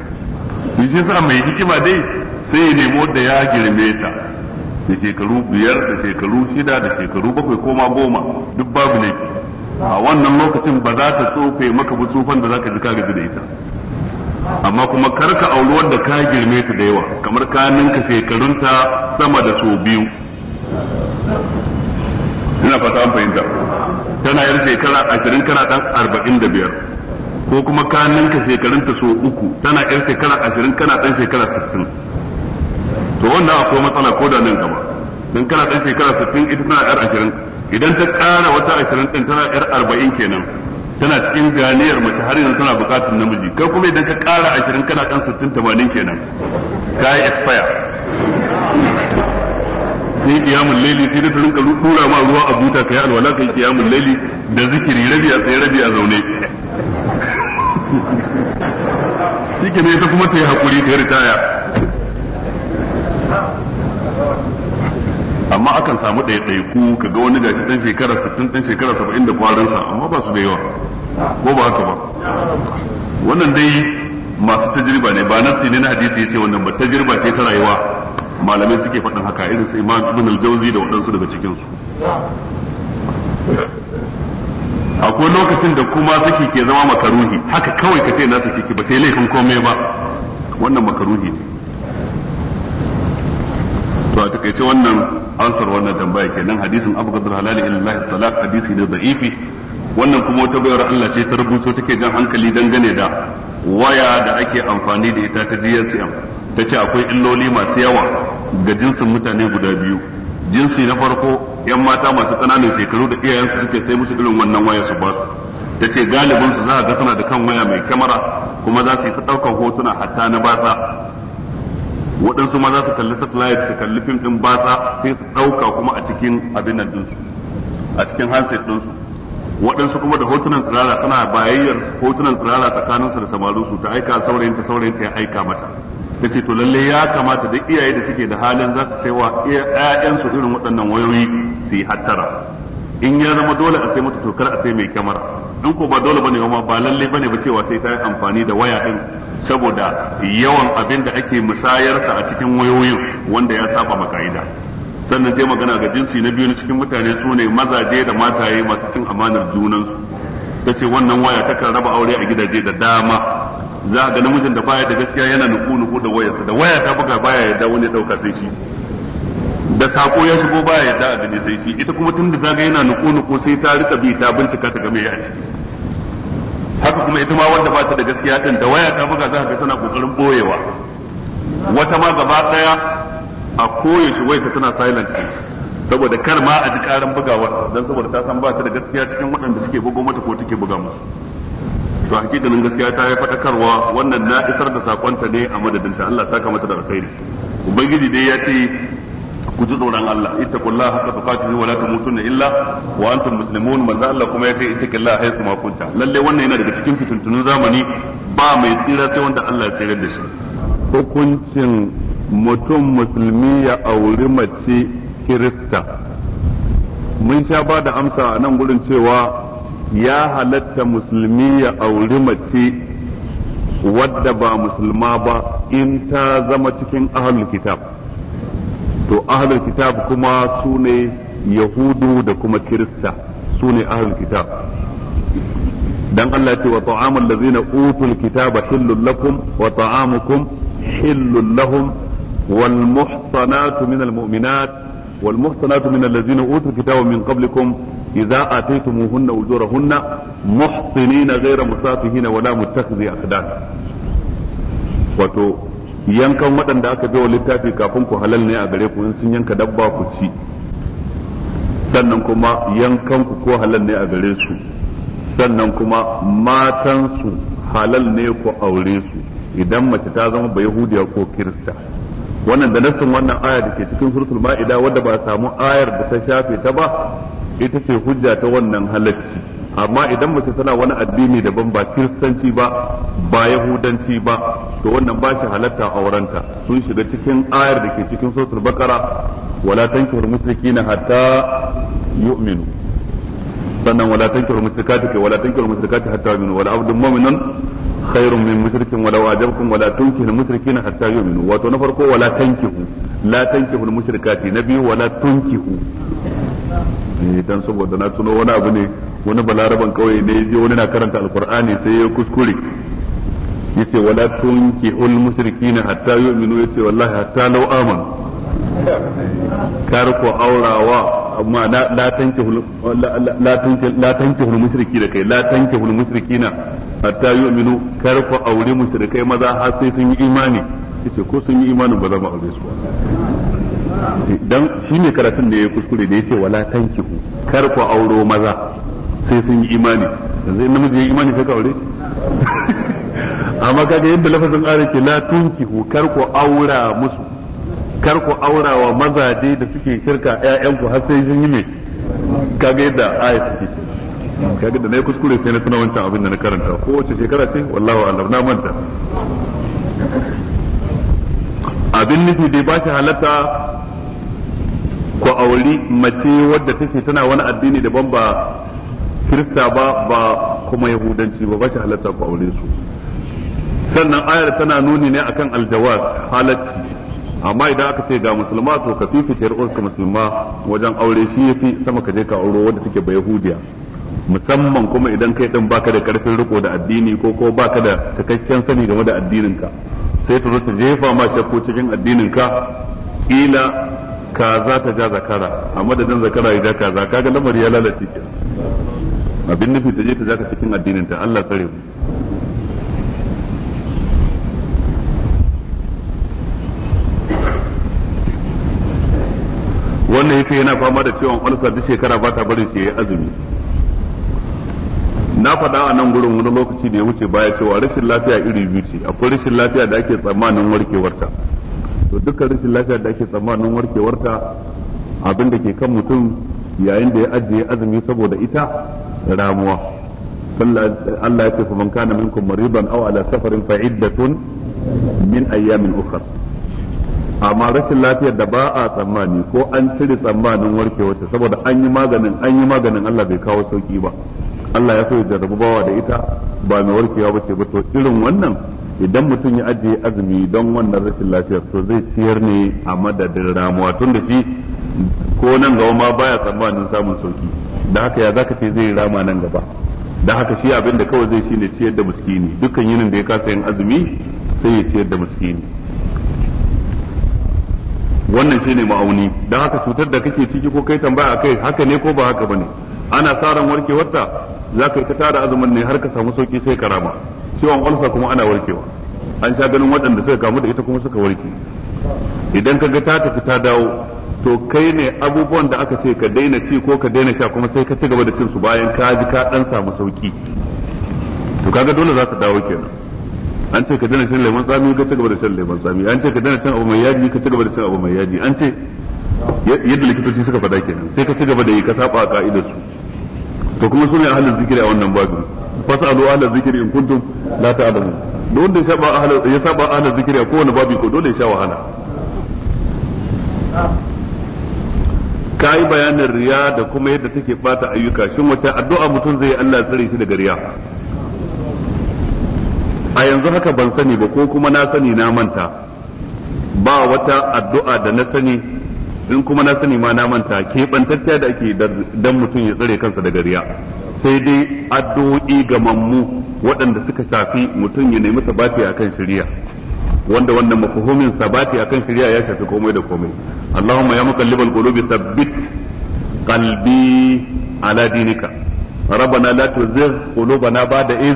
Speaker 1: in shi sa mai hikima dai sai ya nemo da ya girme ta da shekaru biyar da shekaru shida da shekaru bakwai koma goma duk babu ne a wannan lokacin ba za ta tsofe maka bu tsufan da ka ji ka gaji da ita amma kuma kar ka auri wanda ka girme ta da yawa kamar ka ninka shekarun ta sama da so biyu ina fata an fahimta tana yar shekara ashirin kana dan arba'in da biyar ko kuma ka ninka shekarunta so uku tana yan shekara ashirin kana ɗan shekara sittin to wannan akwai matsala ko da nan gaba don kana ɗan shekara sittin ita tana yar ashirin idan ta ƙara wata ashirin ɗin tana yar arba'in kenan tana cikin ganiyar mace har yanzu tana buƙatar namiji kai kuma idan ka ƙara ashirin kana ɗan sittin tamanin kenan ka yi expire sai kiyamun laili sai ta rinka dura ma ruwa a buta ka yi alwala kai kiyamun laili da zikiri rabi a tsaye rabi a zaune shi ke ne ta kuma ta yi haƙuri ta ritaya amma akan samu ku ka ga wani gashi ɗan shekara 60 ɗan shekara 70 da kwarinsa amma ba su da yawa ko ba haka ba wannan dai masu tajirba ne ba nasi ne na hadisi ce wannan ba tajirba ce ta rayuwa malamai suke faɗin haka irin su imam ibn al-jawzi da waɗansu daga cikin su akwai lokacin da kuma saki ke zama makaruhi haka kawai ka ce na saki ke ba sai laifin komai ba wannan makaruhi ne to a takaice wannan ansar wannan tambaya nan hadisin abghadul halali ila lahi talaq hadisi ne za'ifi. wannan kuma wata bayar Allah ce ta rubuto take jan hankali dangane da waya da ake amfani da ita ta GSM ta ce akwai illoli masu yawa ga jinsin mutane guda biyu jinsi na farko yan mata masu ƙananan shekaru da iyayensu suke sai musu irin wannan waya su ba su ta ce galibin su za a ga suna da kan waya mai kyamara kuma za su yi ta ɗaukar hotuna hatta na sa. waɗansu ma za su kalli satellite su kalli fim ɗin sa, sai su ɗauka kuma a cikin abin nan ɗinsu a cikin handset ɗinsu waɗansu kuma da hotunan tsirara suna bayayyar hotunan tsirara tsakaninsu da samarinsu ta aika saurayinta saurayinta ya aika mata ta ce to lalle ya kamata da iyaye da suke da halin za su sai wa ƴaƴansu irin waɗannan wayoyi su yi hattara in ya zama dole a sai mata tokar a sai mai kyamara in ko ba dole bane ma ba lalle bane ba cewa sai ta yi amfani da waya din saboda yawan abin da ake musayarsa a cikin wayoyin wanda ya saba maka ida sannan dai magana ga jinsi na biyu na cikin mutane su ne mazaje da mataye masu cin amanar junansu ta ce wannan waya takan raba aure a gidaje da dama za a ga namijin da baya da gaskiya yana nuku nuku da wayarsa da waya ta buga baya yadda wani ya dauka sai shi da sako ya shigo baya yadda a gani sai shi ita kuma tun da zaga yana nuku nuku sai ta rika bi ta bincika ta game ya ciki haka kuma ita ma wanda ba ta da gaskiya din da waya ta buga za ga tana kokarin boyewa wata ma gaba daya a koyaushe wayarsa tana silent saboda kar ma a ji karin bugawar dan saboda ta san ba ta da gaskiya cikin waɗanda suke bugo mata ko take buga musu to hakikanin gaskiya ta yi fadakarwa wannan na isar da sakonta ne a madadinta Allah saka mata da alkhairi ubangiji dai ya ce ku ji tsoron Allah ittaqullaha haqqa tuqatihi wa la tamutunna illa wa antum muslimun manzo Allah kuma ya ce ittaqillaha haythu ma kunta lalle wannan yana daga cikin fituntunun zamani ba mai tsira sai wanda Allah ya tsira da shi hukuncin mutum musulmi ya auri mace kirista mun sha ba da amsa a nan gurin cewa ya halatta musulmi ya auri mace wadda ba musulma ba in ta zama cikin ahlul kitab to ahlul kitab kuma su ne yahudu da kuma kirista su ne ahlul kitab don Allah ce wa da zina utul kitaba hillul lakum wa ta'amukum hillul lahum wal muhsanatu minal mu'minat wal muhsanatu min ladzina utul kitaba min qablikum idza ataytumuhunna hunna muhsinina ghayra musafihina wala muttakhidhi aqdan wato yankan waɗanda aka biyo littafi kafin ku halal ne a gare ku in sun yanka dabba ku ci sannan kuma yankan ku ko halal ne a gare su sannan kuma matan su halal ne ku aure su idan mace ta zama ba yahudiya ko kirista wannan da nassin wannan aya da ke cikin suratul ma'ida wadda ba samu ayar da ta shafe ta ba ita ce hujja ta wannan halacci amma idan mace tana wani addini daban ba kiristanci ba ba yahudanci ba to wannan ba shi halatta aurenta sun shiga cikin ayar da ke cikin suratul bakara wala tankihul na hatta yu'minu sannan wala tankihul musrikati ke wala tankihul musrikati hatta yu'minu wala abdun mu'minun khairun min mushrikin wala ajabkum wala tunkihul musrikina hatta yu'minu wato na farko wala tankihu la tankihul musrikati na biyu wala tunkihu Eh, dan saboda na tuno wani abu ne wani balaraban kawai ne je wani na karanta alkur'ani sai ya kuskure yace wala tunki ul musrikina hatta yu'minu yace wallahi hatta law aman kar aurawa amma la tankihul la tanki la tanki musriki da kai la tanki tankihul musrikina hatta yu'minu kar aure musrikai maza har sai sun yi imani yace ko sun yi imani ba za mu aure su ba dan ne karatun da ya kuskure da ya ce wala tankihu kar ku auro maza sai sun yi imani yanzu in namiji ya yi imani sai ka aure amma kaga yadda lafazin ayar ke la tunkihu kar ku aura musu kar ku aura wa mazaje da suke shirka ƴaƴan ku har sai sun yi me kaga yadda ayar take kaga da nayi kuskure sai na tuna wancan abin da na karanta ko wace shekara ce wallahi a'lam na manta abin nufi dai ba shi halatta ku auri mace wadda take tana wani addini daban ba kirista ba ba kuma yahudanci ba ba shi halatta ku aure su sannan ayar tana nuni ne akan aljawaz halatti amma idan aka ce ga musulma to ka fifi yar ka musulma wajen aure shi ya fi sama ka je ka auro wadda take ba yahudiya musamman kuma idan kai din baka da karfin riko da addini ko ko baka da cikakken sani game da addininka sai ta zo ta jefa ma shakku cikin addininka kila kaza ta ja zakara a madadin zakara ya ja kaza kaga lamari ya lalace ke abin nufi ta je ta zaka cikin addinin ta Allah tsare mu wannan yake yana fama da ciwon ulsa duk shekara ba ta barin shi ya azumi na faɗa a nan gurin wani lokaci da ya wuce baya cewa rashin lafiya iri biyu ce akwai rashin lafiya da ake tsammanin warkewarta to dukkan rashin lafiya da ake tsammanin warkewarta abin da ke kan mutum yayin da ya ajiye azumi saboda ita ramuwa Allah ya ce fa man kana minkum maridan aw ala safarin fa iddatun min ayyamin ukhra amma rashin lafiyar da ba a tsammani ko an cire tsammanin warkewarta saboda an yi maganin an yi maganin Allah bai kawo sauki ba Allah ya so ya jarrabu bawa da ita ba mai warkewa ba ce ba to irin wannan idan mutum ya ajiye azumi don wannan rashin lafiyar to zai ciyar ne a madadin ramuwa tun da shi ko nan gaba ma baya tsammanin samun sauki da haka ya zaka ce zai rama nan gaba da haka shi abin da kawai zai shine ciyar da miskini dukkan yinin da ya kasa yin azumi sai ya ciyar da miskini wannan shine ma'auni da haka cutar da kake ciki ko kai tambaya kai haka ne ko ba haka bane ana sa ran warkewarta za ka yi ta tara azumin ne har ka samu sauki sai ka rama ciwon ulsa kuma ana warkewa an sha ganin waɗanda suka kamu da ita kuma suka warke idan ka ga ta tafi ta dawo to kai ne abubuwan da aka ce ka daina ci ko ka daina sha kuma sai ka ci gaba da cin su bayan ka ji ka dan samu sauki to kaga dole za ka dawo kenan an ce ka daina shan lemon tsami ka ci gaba da shan lemon tsami an ce ka daina cin abu mai yaji ka ci gaba da cin abu mai yaji an ce yadda likitoci suka faɗa kenan sai ka ci gaba da yi ka saba ka'idar su to kuma su ne ahalin zikiri a wannan babu fasalu ahla zikri in kuntum la ta'lamun da wanda ya saba ahla ya saba ahla zikri a kowane babu ko dole ya sha wahala kai bayanin riya da kuma yadda take bata ayyuka shin wace addu'a mutum zai Allah tsare shi daga riya a yanzu haka ban sani ba ko kuma na sani na manta ba wata addu'a da na sani in kuma na sani ma na manta keɓantacciya da ake dan mutum ya tsare kansa daga riya sai dai addu'o'i ga mammu waɗanda suka shafi mutum ya nemi sabati akan shari'a wanda wannan mafhumin sabati akan shari'a ya shafi komai da komai Allahumma ya muqallibal qulubi thabbit qalbi ala dinika ربنا لا تزغ قلوبنا بعد إذ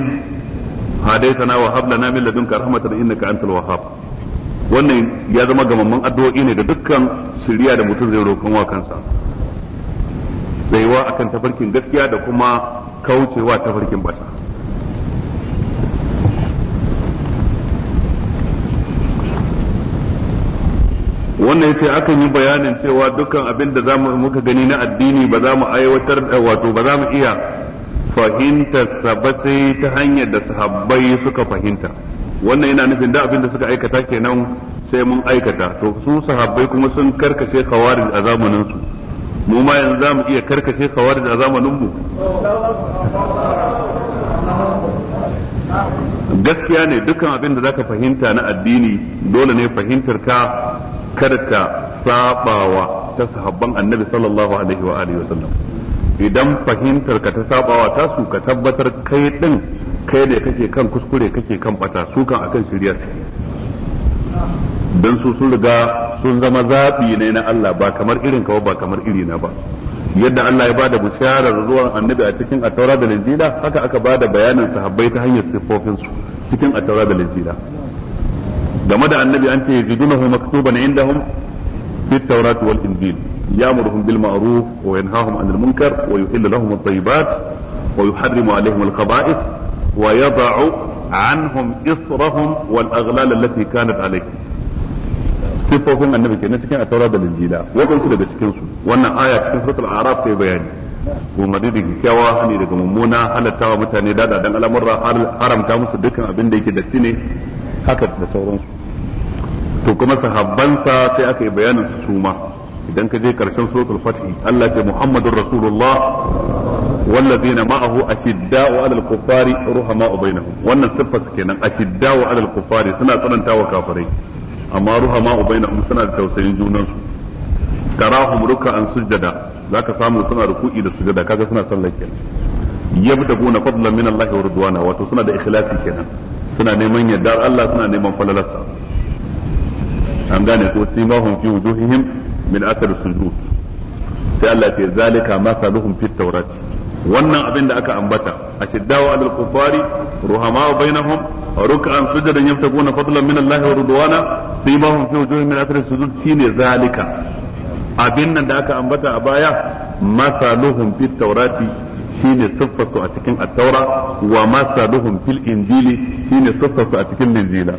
Speaker 1: هديتنا وهب لنا من لدنك رحمة إنك أنت الوهاب wannan ya zama gamamman addu'o'i ne da dukkan shirya da mutum zai roƙon wa kansa tsayuwa akan tafarkin gaskiya da kuma kaucewa tafarkin bata wannan yace akan yi bayanin cewa dukkan abin da zamu muka gani na addini ba za mu aiwatar da wato ba za mu iya fahimtar ba sai ta hanyar da sahabbai suka fahimta wannan yana nufin da abin da suka aikata kenan sai mun aikata to su sahabbai kuma sun karkashe khawarij a zamaninsu. mu ma yanzu za mu iya karkashe kawar da mu. gaskiya ne dukkan abin da zaka fahimta na addini dole ne fahimtar ka karka sabawa ta sahabban annabi sallallahu alaihi wa alihi wasallam idan fahimtar ka ta sabawa ta su ka tabbatar kai din kai ne kake kan kuskure kake kan bata su kan akan shirya suke dan su sun riga sun zama zaɓi ne na Allah ba kamar irin kawo ba kamar iri na ba yadda Allah ya bada bisharar zuwan annabi a cikin attaura da linjila haka aka bada bayanin sahabbai ta hanyar siffofinsu cikin attaura da linjila game da annabi an ce yajidunahu maktuban indahum fi at-taurat wal injil ya'muruhum bil ma'ruf wa yanhahum 'anil munkar wa yuhillu lahum at-tayyibat wa yuharrimu 'alayhim al-khaba'ith wa yada'u 'anhum israhum wal aghlal allati kanat 'alayhim sifofin annabi kenan cikin at-taura da injila wadansu daga cikin su wannan aya cikin suratul a'raf ta yi bayani umarni da kyakkyawa hani daga mummuna halattawa mutane dada dan al'amurra haramta musu dukkan abin da yake datti ne haka da sauransu to kuma sahabbansa sai aka yi bayanin su suma idan ka je karshen suratul fatih Allah ce muhammadur rasulullah والذين معه أشداء على الكفار رحماء بينهم وأن الصفة كنا أشداء على الكفار سنة سنة وكافرين amma ruhama na um suna da tausayin junansu humruka an sujjada zaka samu suna ruku'i da sujjada kaga suna sallah kenan gona fadlan min Allah wa ridwana wato suna da ikhlasi kenan suna neman yardar Allah suna neman falalarsa an gane ko simahum fi wujuhihim min athar sujud sai Allah ya ce zalika ma saluhum fit tawrati wannan abin da aka ambata ashiddaw alal kufari ruhama bainahum ruk'an sujadan yabtaguna fadlan min Allah wa ridwana sibahum fi wujuhihim min athari sujud shine zalika abin nan da aka ambata a baya masaluhum fit tawrati shine siffarsu a cikin at-taura wa masaluhum fil injili shine siffarsu a cikin linjila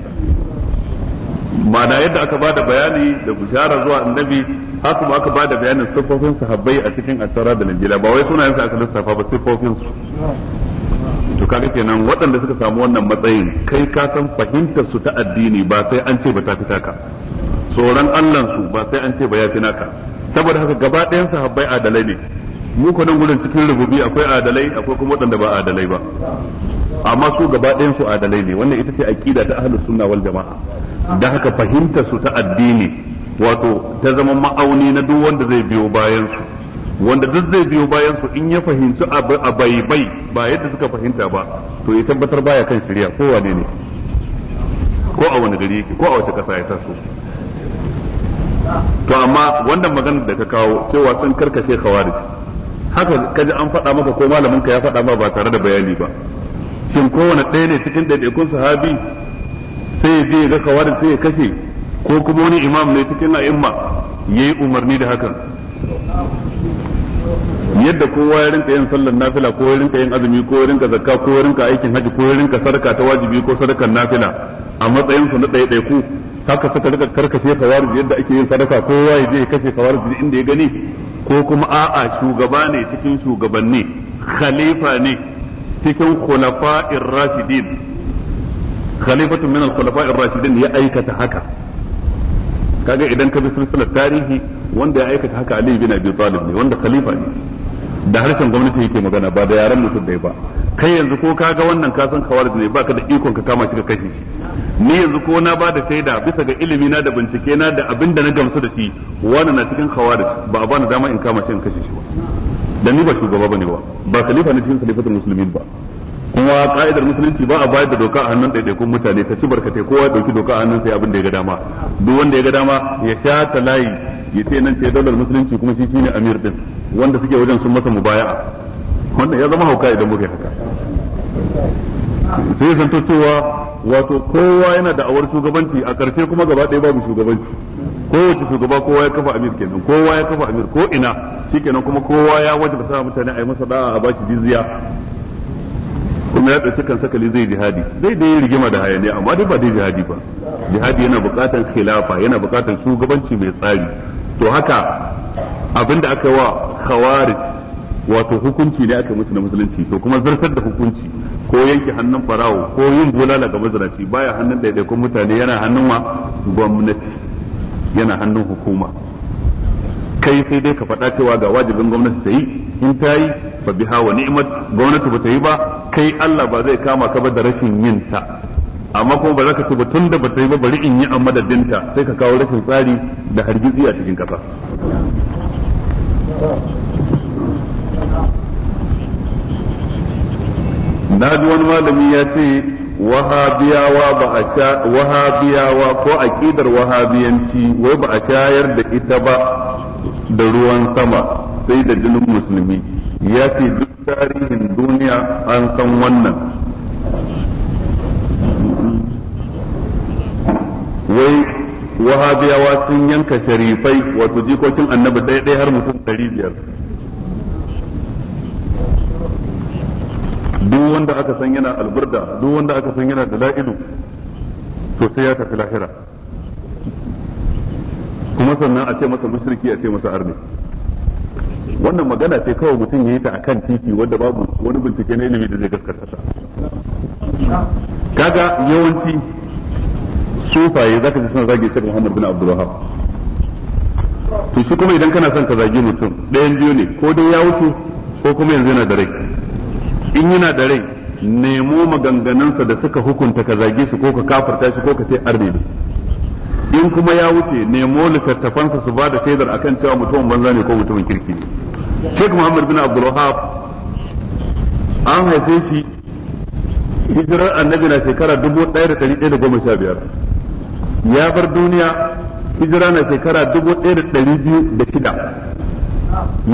Speaker 1: da yadda aka bada bayani da bishara zuwa annabi haka ma aka bada bayanin siffofin sahabbai a cikin asara da najila ba wai sunayen su aka lissafa ba siffofin su to kaga kenan waɗanda suka samu wannan matsayin kai ka san fahimtar su ta addini ba sai an ce ba ta fita ka tsoron Allah su ba sai an ce ba ya fi naka saboda haka gaba ɗayan sahabbai adalai ne mu ko nan gurin cikin rububi akwai adalai akwai kuma waɗanda ba adalai ba amma su gaba ɗayan su adalai ne wannan ita ce aqida ta ahlus sunna wal jama'a da haka fahimta su ta addini wato ta zama ma'auni na duk wanda zai biyo bayan su wanda duk zai biyo bayan su in ya fahimci a baibai ba yadda suka fahimta ba to ya tabbatar baya kan shirya ko wane ne ko a wani gari ko a wace kasa ya taso to amma wannan maganar da ka kawo cewa sun karkashe khawarij haka kaji an faɗa maka ko malamin ka ya faɗa maka ba tare da bayani ba shin kowane ɗaya ne cikin ɗaiɗaikun sahabi sai ya je ga kawarin sai ya kashe ko kuma wani imam ne cikin ya yi umarni da hakan yadda kowa ya rinka yin sallar nafila ko ya rinka yin azumi ko ya rinka zakka ko ya rinka aikin haji ko ya rinka sadaka ta wajibi ko sadakar nafila a matsayin su na ku haka suka rika karkashe kawarij yadda ake yin sadaka kowa ya je ya kashe kawarij inda ya gani ko kuma a'a shugaba ne cikin shugabanni khalifa ne cikin khulafa'ir rashidin khalifatun min al-khulafa'ir rashidin ya aikata haka kaga idan ka bi silsilar tarihi wanda ya aikata haka Ali bin Abi Talib ne wanda khalifa ne da harshen gwamnati yake magana ba da yaran mutum da ba kai yanzu ko kaga wannan ka san kawar ne baka da ikon ka kama shi ka kashe shi ni yanzu ko na bada shaida bisa ga ilimi na da bincike na da abin da na gamsu da shi wannan na cikin kawar ba a bani dama in kama shi in kashe shi ba dan ni ba shugaba bane ba ba khalifa ne cikin khalifatul muslimin ba kuma ka'idar musulunci ba a bayar da doka a hannun ɗaiɗaikun mutane ta ci barkatai kowa ya ɗauki doka a hannun sai abin da ya ga dama duk wanda ya ga dama ya sha ta layi ya ce nan ce daular musulunci kuma shi shine amir din wanda suke wajen sun masa mubaya'a wannan ya zama hauka idan muka yi haka sai san to cewa wato kowa yana da awar shugabanci a ƙarshe kuma gaba ɗaya babu shugabanci kowace shugaba kowa ya kafa amir kenan kowa ya kafa amir ko ina shikenan kuma kowa ya wajaba sa mutane a yi masa da'a a bashi jizya kuma ya ɗauki kan sakali zai jihadi zai dai rigima da hayaniya amma dai ba dai jihadi ba jihadi yana buƙatar khilafa yana buƙatar shugabanci mai tsari to haka abin da aka yi wa khawarij wato hukunci ne aka musu na musulunci to kuma zartar da hukunci ko yanke hannun farawo ko yin bulala ga mazarafi baya hannun ɗaiɗaikun mutane yana hannun wa gwamnati yana hannun hukuma kai sai dai ka faɗa cewa ga wajibin gwamnati ta yi in ta yi fa biha wa ni'mat gwamnati ba ta yi ba kai Allah ba zai kama ka ba da rashin yin ta amma kuma ba za ka tuba tun da ba ta yi ba bari in yi a madadinta sai ka kawo rashin tsari da hargitsi a cikin ƙasa na ji wani malami ya ce wahabiyawa ba a sha wahabiyawa ko aqidar wahabiyanci wai ba a shayar da ita ba da ruwan sama sai da jinin musulmi ya ce duk tarihin duniya an san wannan wai wahabiyawa sun yanka sharifai wato jikokin annabi ɗaya har mutum ɗari biyar duk wanda aka san yana alburda duk wanda aka san yana da la'ilu to sai ya tafi lahira kuma sannan a ce masa mashirki a ce masa arni wannan magana sai kawai mutum ya yi ta akan titi wanda babu wani bincike na ilimi da zai gaskata ta kaga yawanci sufaye ka ji suna zage shi Muhammad bin Abdul Wahhab to shi kuma idan kana son ka zagi mutum ɗayan biyu ne ko dai ya wuce ko kuma yanzu yana da rai in yana da rai nemo maganganansa da suka hukunta ka zage shi ko ka kafarta shi ko ka ce arne ne in kuma ya wuce nemo littattafansa su ba da shaidar akan cewa mutumin banza ne ko mutumin kirki ne Sheikh Muhammad bin Abdul Wahab an haife shi hijirar annabi na shekara 1115 ya bar duniya hijira na shekara 1206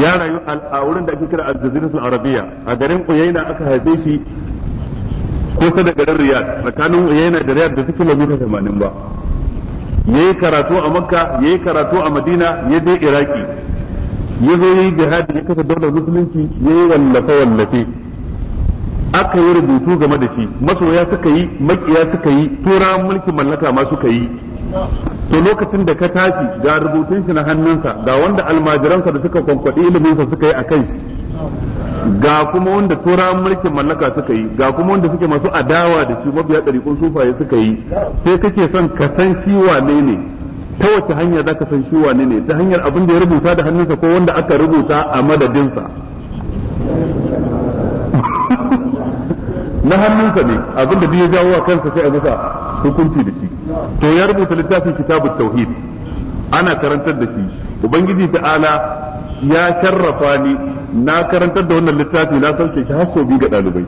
Speaker 1: ya rayu a wurin da ake kira al-jaziratul arabiya a garin Uyaina aka haife shi kusa da garin Riyadh tsakanin Uyaina da Riyadh da su kilomita 80 ba yayi karatu a Makka yayi karatu a Madina ya je Iraki ya zo yi jihadi ya kafa daular musulunci ya yi wallafe wallafe aka yi rubutu game da shi masoya suka yi makiya suka yi tura mulkin mallaka ma suka yi to lokacin da ka tashi ga rubutun shi na hannunsa ga wanda almajiransa da suka kwankwaɗi iliminsa suka yi a kai shi ga kuma wanda tura mulkin mallaka suka yi ga kuma wanda suke masu adawa da shi mabiya ɗariƙun sufaye suka yi sai kake son ka san shi wane ne ta wace hanya za ka san shi wane ne ta hanyar abin da ya rubuta da hannunsa ko wanda aka rubuta a madadinsa na hannunsa ne abin da biyu jawo a kansa sai a bisa hukunci da shi to ya rubuta littafin kitabu tauhid ana karantar da shi ubangiji ta'ala ya sharrafa ni na karantar da wannan littafi na sauke shi har sau biyu ga ɗalibai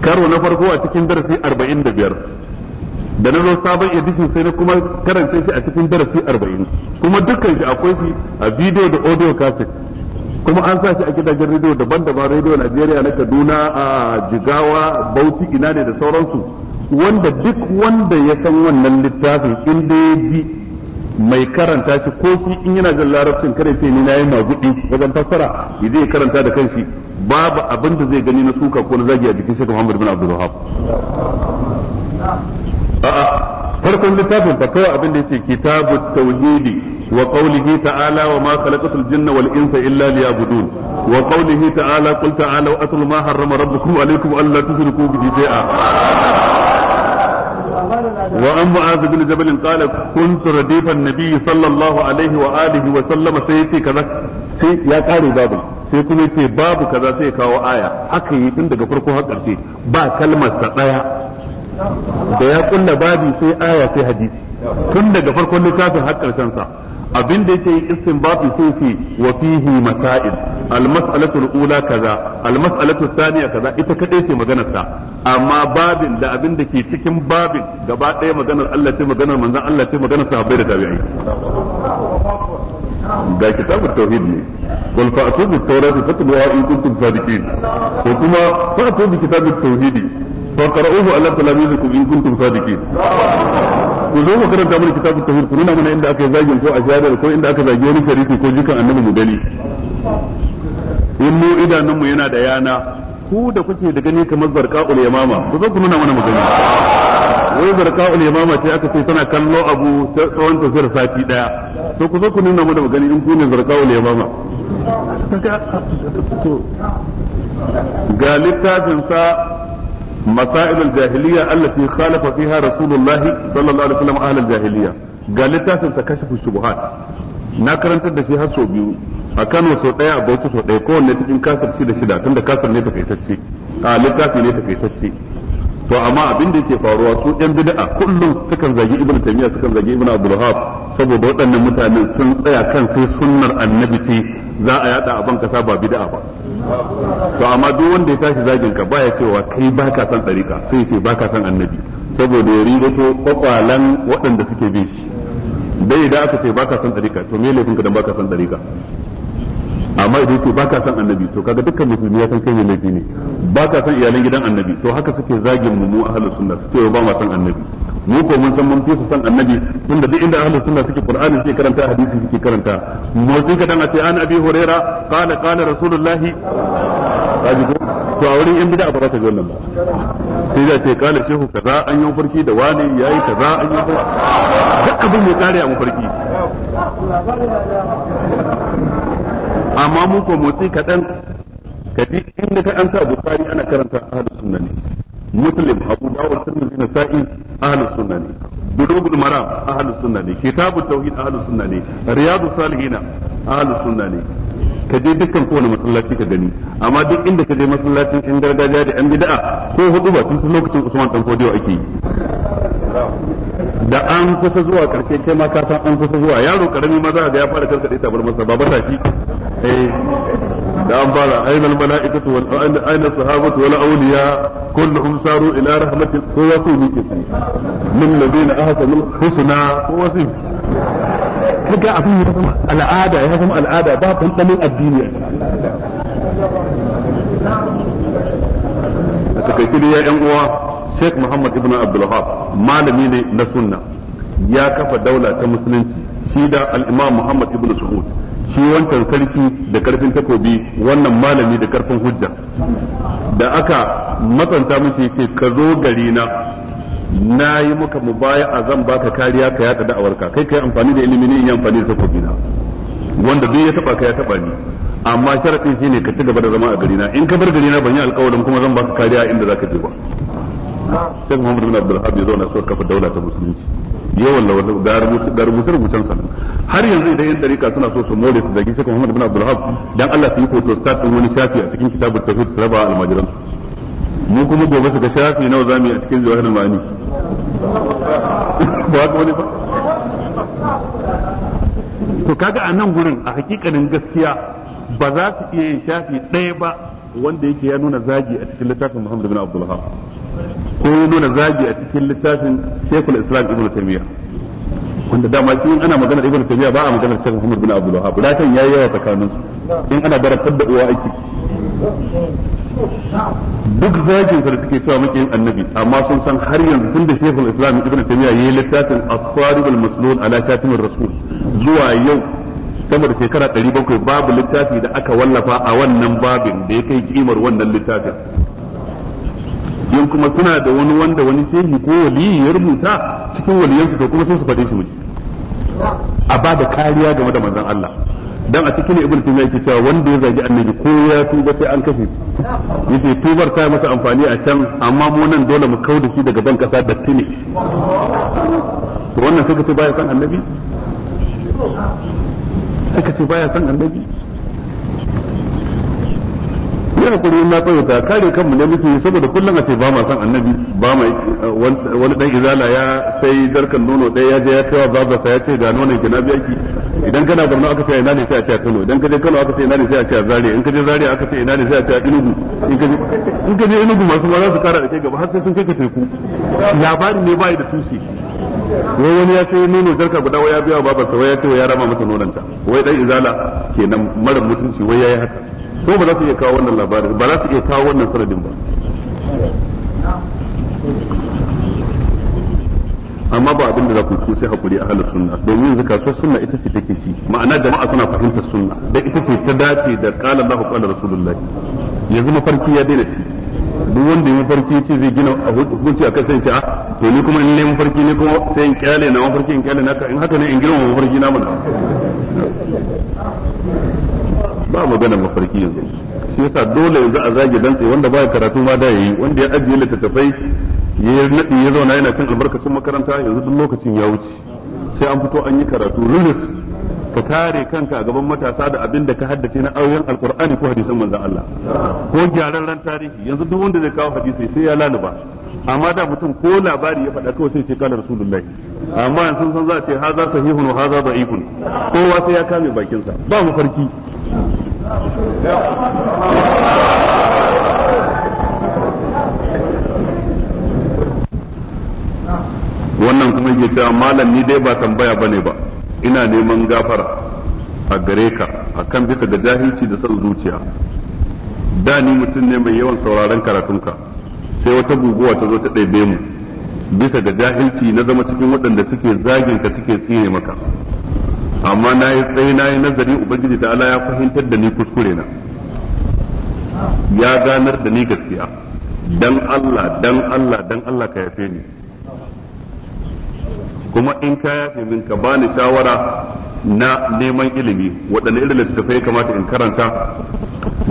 Speaker 1: karo na farko a cikin darasi arba'in da biyar da na zo sabon edition sai na kuma karance shi a cikin darasi arba'in kuma dukkan shi akwai shi a bidiyo da audio cassette kuma an sa shi a gidajen rediyo daban-daban rediyo Najeriya na Kaduna a Jigawa Bauchi ina ne da sauransu wanda duk wanda ya san wannan littafin in da ya bi mai karanta shi ko shi in yana jin larabcin kada ce ni nayi magudi wajen fassara idan ya karanta da kanshi babu abin da zai gani na suka ko na zagi a jikin Sheikh Muhammad bin Abdul wahab a'a farkon littafin fa kawai abin da yake kitabu tauhidi wa qawlihi ta'ala wa ma khalaqatul jinna wal insa illa liya'budun wa qawlihi ta'ala qul ta'alu atlu ma harrama rabbukum alaykum alla tushriku bihi shay'a وعن معاذ بن جبل قال كنت رديف النبي صلى الله عليه وآله وسلم سيتي كذا سي يا قاري بابل sai kuma ce babu kaza sai kawo aya haka yi tun daga farko har ƙarshe ba kalmar sa ɗaya da ya kulla babi sai aya sai hadisi tun daga farkon littafin har karshen sa abin da yake istinbati sai ce wa fihi masail almas'alatu alula kaza almas'alatu thaniya kaza ita kadai ce maganar sa amma babin da abin da ke cikin babin gaba ɗaya maganar Allah ce maganar manzon Allah ce maganar sahabbai da tabi'ai da kitabut tauhid ne qul fa'tu bit tawrati fatluha in kuntum sadiqin ko kuma fa'tu bi kitabut tauhidi فقرؤوه على ala talamizikum كنتم صادقين تعمل كتاب التوحيد من عند زاجن كو wani yana da yana ku da kuke da gani kamar yamama ku zo ku nuna mana wai yamama ce aka ce tana kallo abu ta tsawon sati daya to ku zo ku nuna mana in ku ne yamama ga littafin sa مسائل الجاهلية allah خالف فيها رسول الله صلى الله عليه وسلم أهل الجاهلية قال na karantar da shi har sau biyu a Kano sau ɗaya a Bauchi sau ɗaya kowanne cikin kasar shida shida tunda kasa ne takaitacce a littafi ne takaitacce to amma abin da yake faruwa su ɗan bid'a kullum sukan zagi Ibn Taymiyyah sukan zagi Ibn Abdul Wahhab saboda waɗannan mutane sun tsaya kan sai sunnar Annabi ce za a yada a ban kasa ba bid'a ba to amma duk wanda ya tashi zagin ka baya cewa kai baka san dariƙa sai ce baka san annabi saboda ya riga to kwakwalan waɗanda suke bin shi dai idan aka ce baka san dariƙa to me laifin ka dan baka san dariƙa amma idan ce baka san annabi to kaga dukkan musulmi ya san kai ne laifi ne baka san iyalan gidan annabi to haka suke zagin mu mu ahlus sunna su ce ba ma san annabi mu ko mun san mun fi su san annabi tunda duk inda ahlus sunna suke qur'ani suke karanta hadisi suke karanta motsi kadan a ce an abi huraira qala qala rasulullahi kaji ko to a wurin in bid'a ba za ta ga wannan ba sai da ta kala shehu kaza an yi farki da wani yayi kaza an yi farki duk abin mai tsari a mafarki amma mu ko motsi kaɗan ka ji inda ka an sa bukari ana karanta ahlus sunna ne muslim abu dawud tirmidhi sa'i ahlus sunna ne bulugul maram ahlus sunna ne kitabut tauhid ahlus sunna ne riyadus salihin ahlus sunna ne ka je dukkan kowane masallaci ka gani amma duk inda ka je masallacin in gargajiya da an bid'a ko hudu ba tun lokacin Usman dan Fodiyo ake yi da an kusa zuwa karshe kai ma ka san an kusa zuwa yaro karami ma za ga ya fara karkade tabar masa ta shi. دام إيه. اين الملائكه وأين اين الصحابه والاولياء كلهم ساروا الى رحمه هو من الذين اهتموا الحسنى هو فيه كجا ابي العاده يا هم العاده باب من الدين يعني. يا ان شيخ محمد ابن عبد الوهاب ما ني نسنه يا كفى دوله المسلمين سيدة الامام محمد ابن سعود shi wancan sarki da karfin takobi wannan malami da karfin hujja da aka matsanta mishi ce ka zo gari na na yi mu baya a zan baka kariya ka da'awar ka kai kai amfani da ilimi ne in yi amfani da takobi na wanda duk ya taba ka ya taba ni amma sharadin ne ka ci gaba da zama a gari na in ka bar gari na ban yi alƙawarin kuma zan baka kariya inda zaka je ba sai Muhammad bin Abdul Habib na so kafa daula ta musulunci ya wallawa da rubuce rubucen sa har yanzu idan yan dariƙa suna so su more su zagi shekau Muhammad bin Abdul Wahab dan Allah su yi ko to start wani shafi a cikin kitabut tauhid su raba almajiran mu kuma gobe su ga shafi nawa zamu yi a cikin jawahirul ma'ani ba haka wani ba to kaga a nan gurin a hakikanin gaskiya ba za su iya yin shafi ɗaya ba wanda yake ya nuna zagi a cikin littafin Muhammad bin Abdul Wahhab ko ya nuna zagi a cikin littafin Sheikhul Islam Ibn Taymiyyah wanda dama shi in ana magana Ibn Taymiyyah ba a magana Sheikh Muhammad bin Abdul Wahhab ratan yayi yawa tsakanin su in ana barafar da uwa aiki duk zagin sa da suke cewa yin annabi amma sun san har yanzu tun da Sheikhul Islam Ibn Taymiyyah yayi littafin At-Tarib al-Maslul ala Shatim ar-Rasul zuwa yau sama da shekara bakwai babu littafi da aka wallafa a wannan babin da ya kai kimar wannan littafin yin kuma suna da wani wanda wani shehi ko waliyi ya rubuta cikin waliyansu to kuma sun su faɗe shi miji a ba da kariya game da manzon Allah dan a cikin ibnu taymiya yake cewa wanda ya zagi annabi ko ya tuba sai an kashe
Speaker 2: shi
Speaker 1: yace tubar ta masa amfani a can amma mu nan dole mu kauda shi daga ban kasa da tini to wannan sai ce baya san annabi sai ka ce baya son annabi yi hakuri na tsawaita kare kanmu ne muke yi saboda kullum a ce ba ma san annabi ba ma wani dan izala ya sai darkan nono ɗaya ya je ya tawa baba sa ya ce ga nonon ki na biya ki idan kana Borno aka ce ina ne sai a ce a Kano idan ka je Kano aka ce ina ne sai a ce a zare in ka je zare aka ce ina ne sai a ce a inugu in ka je inugu masu ma za su kara da kai gaba har sai sun kai ka teku labarin ne bai da tushe wai wani ya sai nono jarka guda wai ya biya babarsa wai ya ce wa ya rama mata nonanta wai dan izala kenan mara mutunci wai yi haka ko ba za su iya kawo wannan labarin ba za su iya kawo wannan sanadin ba amma ba abin za ku ku sai hakuri a halar sunna domin yanzu kasuwar sunna ita ce take ci ma'ana jama'a suna fahimtar sunna da ita ce ta dace da qala Allahu qala Rasulullahi yanzu mafarki ya daina ci duk wanda ya mafarki ce zai gina hukunci a kasance ce a ah, to ni kuma in ne mafarki ne kuma sai in kyale na mafarki in kyale na in haka ne in girma mafarki na mana ba magana mafarki yanzu shi yasa dole yanzu a zage tsaye wanda ba karatu ma da yayi wanda ya ajiye littattafai ya nadi ya zauna yana cin albarkacin makaranta yanzu duk lokacin ya wuce sai an fito an yi karatu rulis ka kare kanka a gaban matasa da abin da ka haddace na auren alkur'ani ko hadisan manzon Allah ko gyararren tarihi yanzu duk wanda zai kawo hadisi sai ya laluba amma da mutum ko labari ya faɗa kawai sai ce kala rasulullahi amma yanzu san za a ce haza sahihun wa haza da'ifun kowa sai ya kame bakinsa ba mu farki wannan kuma ke cewa malam ni dai ba tambaya bane ba ina neman gafara a gare ka a kan bisa ga jahilci da son zuciya da ni mutum ne mai yawan sauraron karatunka sai wata guguwa ta zo ta ɗaibe mu bisa ga jahilci na zama cikin waɗanda suke zagin ka suke tsine maka amma na yi tsaye na yi nazari ubangiji ta ya fahimtar da ni kuskure na ya ganar da ni gaskiya dan Allah dan Allah dan Allah ka yafe ni kuma in ka yafe min ka bani shawara na neman ilimi waɗanne irin littattafai ya kamata in karanta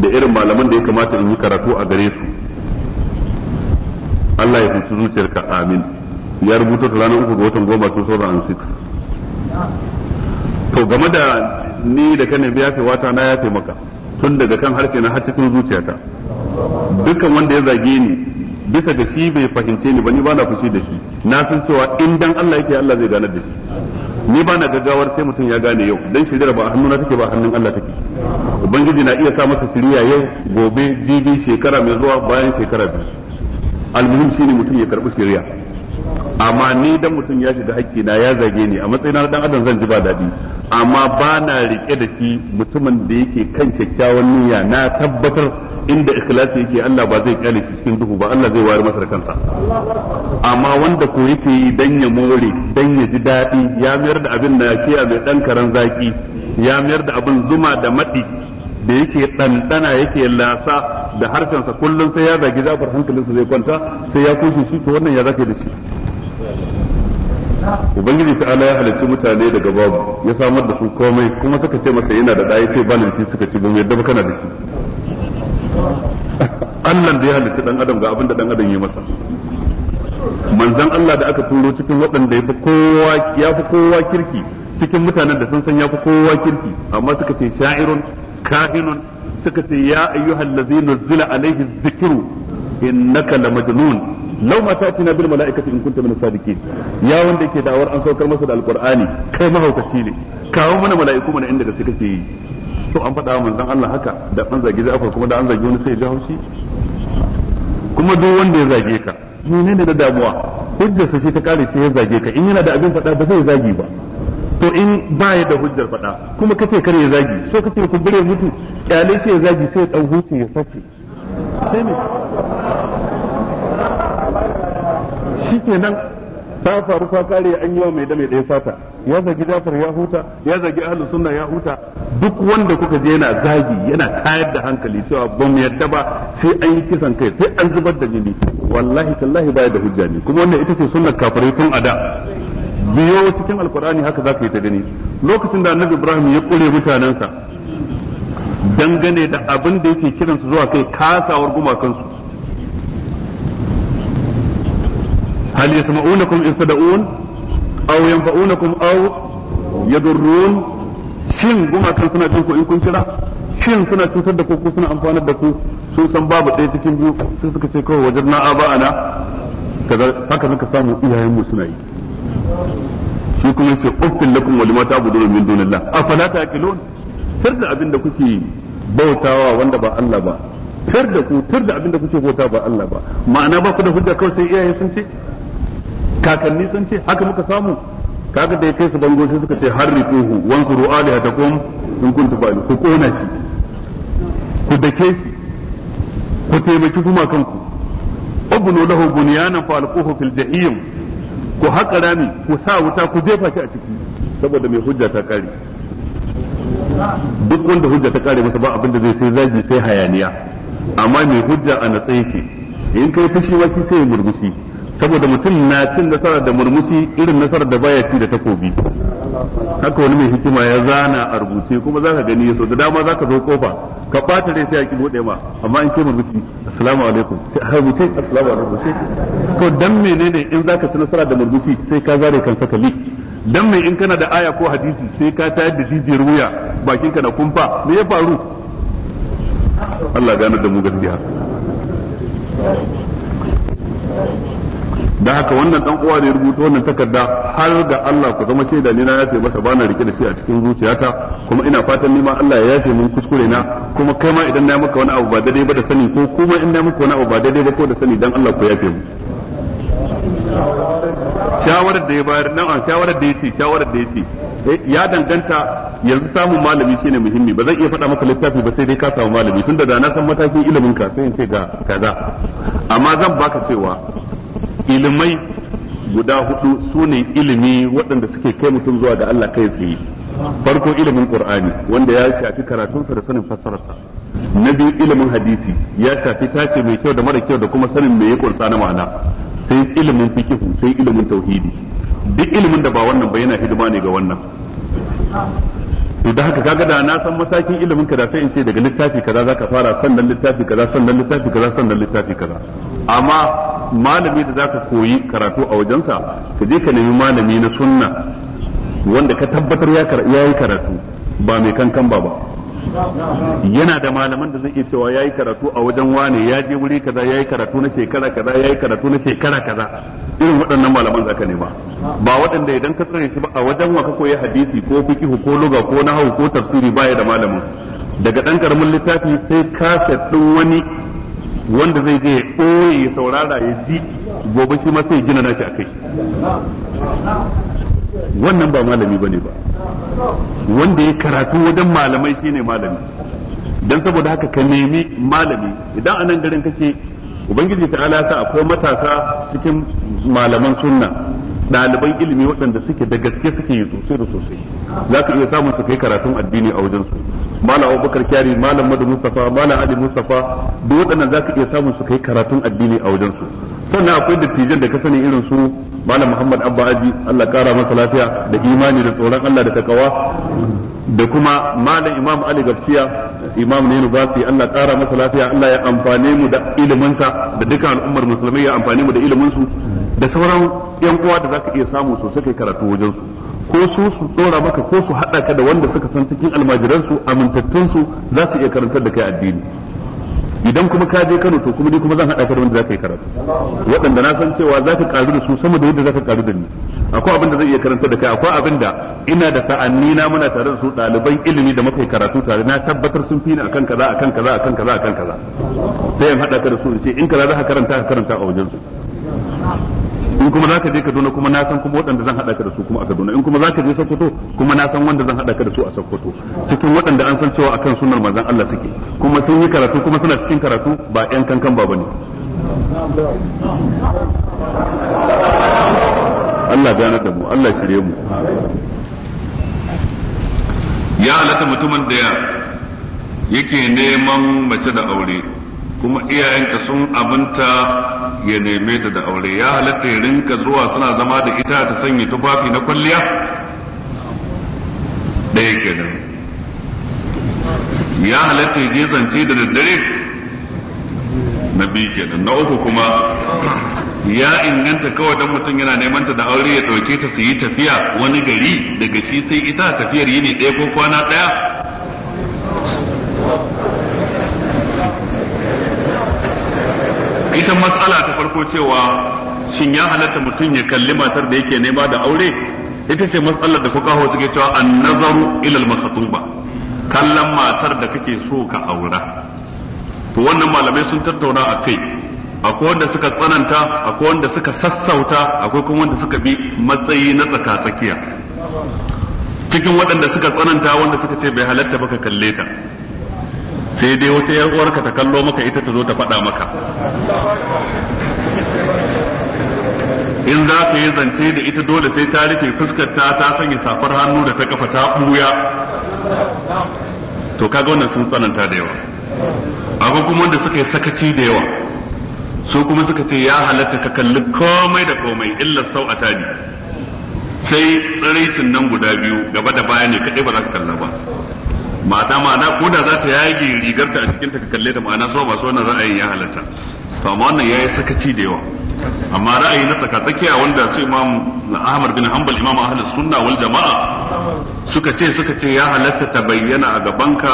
Speaker 1: da irin malaman da ya kamata in yi karatu a gare su Allah ya fice zuciyarka amin ya rubuta ta ranar uku ga watan goma tun sauran an to game da ni da kane biya fi wata na yafe maka tun daga kan harshe na har cikin zuciyata dukkan wanda ya zage ni bisa ga shi bai fahimce ni ba ni bana fushi da shi na san cewa in dan Allah yake Allah zai ganar da shi ni bana gaggawar sai mutum ya gane yau dan shirya ba hannuna take ba hannun Allah take ubangiji na iya sa masa shirya yau gobe jibi shekara mai zuwa bayan shekara biyu almuhim shine mutum ya karbi shiriya amma ni dan mutum ya shiga hakki na ya zage ni a matsayin dan adam zan ji ba daɗi amma ba na rike da shi mutumin da yake kan kyakkyawan niyya na tabbatar inda ikhlasi yake Allah ba zai kyale shi cikin duhu ba Allah zai ware masa da kansa amma wanda ko yake yi dan ya more dan ya ji daɗi ya mayar da abin da yake mai dan karan zaki ya mayar da abin zuma da madi da yake ɗanɗana yake lasa da harshensa kullum sai ya zagi zafar hankalinsa zai kwanta sai ya kushe shi to wannan ya zake da shi ubangiji ta ala ya halicci mutane daga babu ya samar da su komai kuma suka ce masa yana da ɗaya ce ba shi suka ce ba mu yadda ba kana da shi Allah da ya halicci dan adam ga abinda da dan adam ya masa manzon Allah da aka turo cikin waɗanda ya kowa kowa kirki cikin mutanen da sun san fi kowa kirki amma suka ce sha'irun kahinun suka ce ya ayyuhal ladzina zila alaihi dhikru innaka lamajnun law ma ta'tina bil mala'ikati in kunta min sadiqin ya wanda yake da'awar an saukar masa da alqur'ani kai mahaukaci ne kawo mana mala'iku mana inda gaske kake yi to an faɗa manzon Allah haka da an zage Ja'far kuma da an zagi wani sai ya haushi kuma duk wanda ya zage ka ne da damuwa hujjar sa ta kare sai ya zage ka in yana da abin faɗa ba zai zagi ba to in ba ya da hujjar faɗa kuma kace kare ya zagi so kace kumbure mutu kyale sai ya zagi sai ya dau huce ya sace sai me shi kenan ta faru fa kare an yi wa mai da mai ɗaya sata ya zagi jafar ya huta ya zagi ahlus sunna ya huta duk wanda kuka je yana zagi yana tayar da hankali cewa ba mu yadda ba sai an yi kisan kai sai an zubar da jini wallahi tallahi baya da hujja ne kuma wannan ita ce sunnar kafirai tun a da biyo cikin alkur'ani haka za ka yi ta gani lokacin da annabi ibrahim ya kure mutanensa dangane da abin da yake kiransu zuwa kai kasawar gumakansu hal yasma'unakum in sada'un aw yanfa'unakum aw yadurrun shin gumakan suna jin ku in kun kira shin suna cutar da ku suna amfanar da ku sun san babu ɗaya cikin biyu sai suka ce kawai wajen na aba'ana haka suka samu suna yi shi kuma yace uffin lakum wa lima ta'budun min dunillah afala ta'qilun tar da da kuke wanda ba Allah ba ku da abin da kuke bauta ba Allah ba ma'ana ba ku da hujja kawai sai iyaye sun ce kakanni sun ce haka muka samu kaga da ya kai su bango sai suka ce harriquhu wansuru alihatakum in kuntu ba ku kona shi ku dake shi ku taimaki kuma kanku ubnu lahu bunyanan fa alquhu fil jahim ku haƙa rami ku sa wuta ku jefa shi a ciki saboda mai hujja ta kare duk wanda hujja ta kare masa ba abin da zai sai zagi sai hayaniya amma mai hujja a natsayi ke in kai fushi wasi sai ya murmushi saboda mutum na cin nasara da murmushi irin nasarar da baya ci da takobi haka wani mai hikima ya zana a rubuce kuma za ka gani so da dama za ka zo kofa ka ɓata rai sai ki bude ma amma in ke murmushi assalamu alaikum sai a rubuce assalamu alaikum sai ko dan menene in za ka ci nasara da murmushi sai ka zare kan saka li dan mai in kana da aya ko hadisi sai ka tayar da jijiyar wuya bakinka na kumfa me ya faru Allah gane da mu gaskiya da haka wannan dan uwa da ya rubuta wannan takarda har ga Allah ku zama shaida ni na yafe masa bana rike da shi a cikin zuciyata kuma ina fatan ni ma Allah ya yafe min kuskure na kuma kai ma idan na maka wani abu ba daidai ba da sani ko kuma in na maka wani abu ba daidai ba ko da sani dan Allah ku yafe mu shawarar da ya bayar nan an shawarar da yace shawarar da yace eh, ya danganta yanzu samun malami shine muhimmi ba zan iya faɗa maka littafi ba sai dai ka samu malami tunda da na san matakin ilimin ka sai in ce ga kaza amma zan baka cewa ilimai guda hudu su ne ilimi waɗanda suke kai mutum zuwa ga Allah kai tsaye farko ilimin qur'ani wanda ya shafi karatunsa da sanin fassararsa na biyu ilimin hadisi ya shafi tace mai kyau da mara kyau da kuma sanin me ya kunsa na ma'ana sai ilimin fikihu sai ilimin tauhidi duk ilimin da ba wannan ba yana hidima ne ga wannan to haka kaga da na san matakin ilimin ka da sai in ce daga littafi kaza zaka fara sannan littafi kaza sannan littafi kaza sannan littafi kaza amma malami da zaka koyi karatu a wajensa ka je ka nemi malami na sunna wanda ka tabbatar ya yi karatu ba mai kankan ba yana da malaman da zai iya cewa ya yi karatu a wajen wane ya je wuri kaza ya yi karatu na shekara kaza ya yi karatu na shekara kaza irin waɗannan malaman za ka nema ba waɗanda idan ka tsare shi ba a wajen wa ka koyi hadisi ko fikihu ko luga ko nahawu ko tafsiri baya da malamin daga ɗan karamin littafi sai kaset ɗin wani wanda zai je ya ɓoye ya saurara ya ji gobe shi ma sai gina nashi a kai wannan ba malami ba ne ba wanda ya karatu wajen malamai shi ne malami don saboda haka ka nemi malami idan anan garin kake ubangiji ta alasa sa akwai matasa cikin malaman sunna ɗaliban ilimi waɗanda suke da gaske suke yi sosai da sosai za ka iya samun su kai karatun addini a wajensu malam abubakar kyari malam madu mustafa malam ali mustafa duk waɗannan za ka iya samun su kai karatun addini a wajensu. su sannan akwai dattijan da ka sani irin su malam muhammad abba aji allah kara masa lafiya da imani da tsoron allah da takawa da kuma malam imam ali gafsiya imam ne nubasi allah kara masa lafiya allah ya amfane mu da iliminsa da dukkan al'ummar musulmai ya amfane mu da iliminsu da sauran yan uwa da zaka iya samu sosai kai karatu wajen su ko su su dora maka ko su hada ka da wanda suka san cikin almajiran su amintattun su za su iya karantar da kai addini idan kuma ka je Kano to kuma ni kuma zan hada ka da wanda zaka yi karatu waɗanda na san cewa zaka karu da su sama da yadda zaka karu da ni akwai abin da zai iya karantar da kai akwai abin da ina da sa'anni na muna tare da su ɗaliban ilimi da muka karatu tare na tabbatar sun fi ni akan kaza akan kaza akan kaza akan kaza sai in hada ka da su in ce in kaza za ka karanta ka karanta a wajen su in kuma zaka je Kaduna kuma na san kuma waɗanda zan haɗa ka da su kuma a Kaduna in kuma zaka je Sokoto kuma na san wanda zan haɗa ka da su a Sokoto cikin waɗanda an san cewa akan sunnar manzon Allah suke kuma sun yi karatu kuma suna cikin karatu ba ƴan kankan ba bane Allah gane da mu Allah shirye mu ya alata mutumin da yake neman mace da aure kuma iyayenka sun abinta ya neme ta da aure ya halatta ya rinka zuwa suna zama da ita ta sanya tufafi na kwalliya ɗaya kenan ya halatta ya je zance da daddare na biyu kenan na uku kuma ya inganta kawai don mutum yana neman ta da aure ya ɗauke ta su yi tafiya wani gari daga shi sai ita tafiyar yini ɗaya ko kwana ɗaya ita matsala ta farko cewa shin ya halatta mutum ya kalli matar da yake nema da aure ita ce matsalar da kuka hau suke cewa an nazaru ilal makatuba kallon matar da kake so ka aura to wannan malamai sun tattauna a kai akwai wanda suka tsananta akwai wanda suka sassauta akwai kuma wanda suka bi matsayi na tsaka tsakiya cikin waɗanda suka tsananta wanda suka ce bai halatta ba ka kalle ta sai dai wata yar uwarka ta kallo maka ita ta zo ta faɗa maka in za ka yi zance da ita dole sai ta rufe fuskar ta ta sanya safar hannu da ta kafa ta buya to kaga wannan sun tsananta da yawa akwai kuma wanda suka yi sakaci da yawa su kuma suka ce ya halatta ka kalli komai da komai illa sau a sai tsiraicin nan guda biyu gaba da baya ne kaɗai ba za ka kalla ba mata ma'ana ko da za ta yage rigarta a cikin ta ka kalle ta ma'ana so so wannan ra'ayin ya halatta to amma wannan yayi sakaci da yawa amma ra'ayi na tsaka tsakiya wanda su imam Ahmad bin Hanbal imam ahli sunna wal jama'a suka ce suka ce ya halatta ta bayyana a gabanka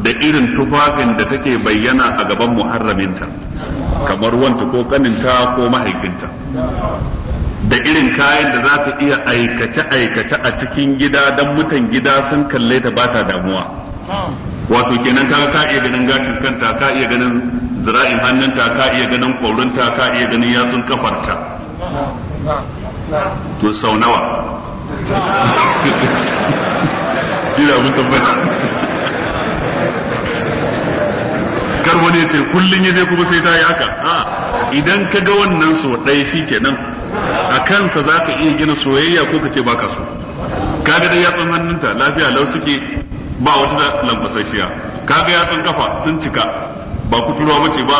Speaker 1: da irin tufafin da take bayyana a gaban muharraminta kamar wanta ko kaninta ko mahaifinta da irin kayan da za ta iya aikace-aikace a cikin gida don mutan gida sun kalle ta ba ta damuwa wato kenan ka ka iya ganin gashin kanta ka iya ganin zira'in hannunta ka iya ganin kwaurinta ka iya ganin yatsun kafarta to sau nawa shi da abin tabbata kar wani ya ce kullum ya je kuma sai ta yi haka idan ka ga wannan so ɗaya shi kenan a kansa za ka iya gina soyayya ko ka ce ba ka so ka ga dai yatsun hannunta lafiya lau suke ba wata Ka kaga yatsun kafa sun cika ba kuturwa bace ba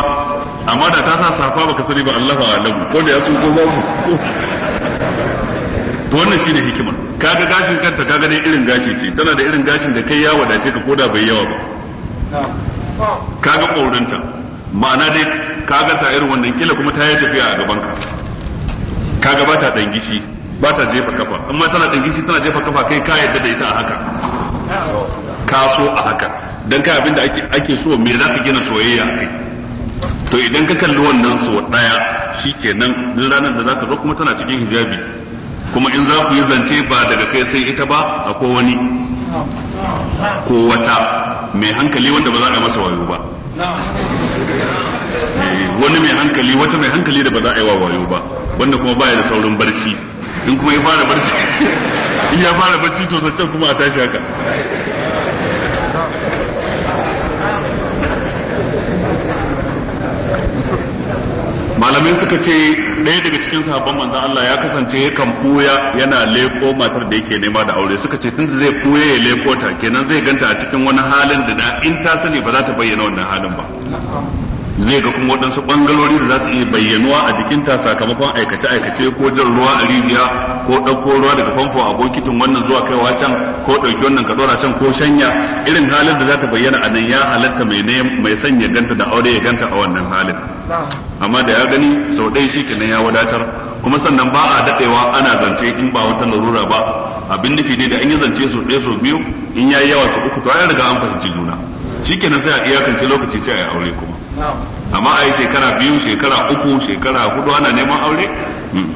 Speaker 1: amma da ta sa safa baka sani ba Allah ba alamu ko da yatsu ko ba to wannan shine hikimar kaga gashin kanta kaga dai irin gashi ce tana da irin gashin da kai ya wadace ka koda bai yawa ba kaga kaurinta ma'ana dai kaga ta irin wannan kila kuma ta yi tafiya a gaban ka kaga ba ta dangishi ba ta jefa kafa amma tana dangishi tana jefa kafa kai ka yadda da ita a haka Kaso a haka dan kai abinda ake ake so me za ka gina soyayya kai to idan ka kalli wannan so daya shikenan duk ranar da zaka zo kuma tana cikin hijabi kuma in za ku yi zance ba daga kai sai ita ba ko wani ko wata mai hankali wanda ba za a yi masa wayo ba eh, wani mai hankali wata mai hankali da ba za a yi wa wayo ba wanda kuma baya da saurin barci in kuma ya fara barci in ya fara barci to zancen kuma a tashi haka malamai suka ce ɗaya daga cikin sabon manzan Allah ya kasance kan buya yana leko matar da yake nema da aure suka ce tun zai buya ya leko ta kenan zai ganta a cikin wani halin da da in ta sani ba za ta bayyana wannan halin ba zai ga kuma waɗansu ɓangarori da za su iya bayyanuwa a jikinta sakamakon aikace-aikace ko jan ruwa a rijiya ko ɗauko ruwa daga famfo a bokitin wannan zuwa kaiwa can ko ɗauki wannan ka ɗora can ko shanya irin halin da za ta bayyana a nan ya halatta mai sanya ganta da aure ya ganta a wannan halin amma da ya gani sau ɗaya shi kenan ya wadatar kuma sannan ba a daɗewa ana zance in ba wata larura ba abin nufi ne da an yi zance sau ɗaya sau biyu in ya yi yawa sau uku to ya riga an fahimci juna shi kenan sai a iyakance lokaci sai a yi aure kuma amma a yi shekara biyu shekara uku shekara hudu ana neman aure hmm.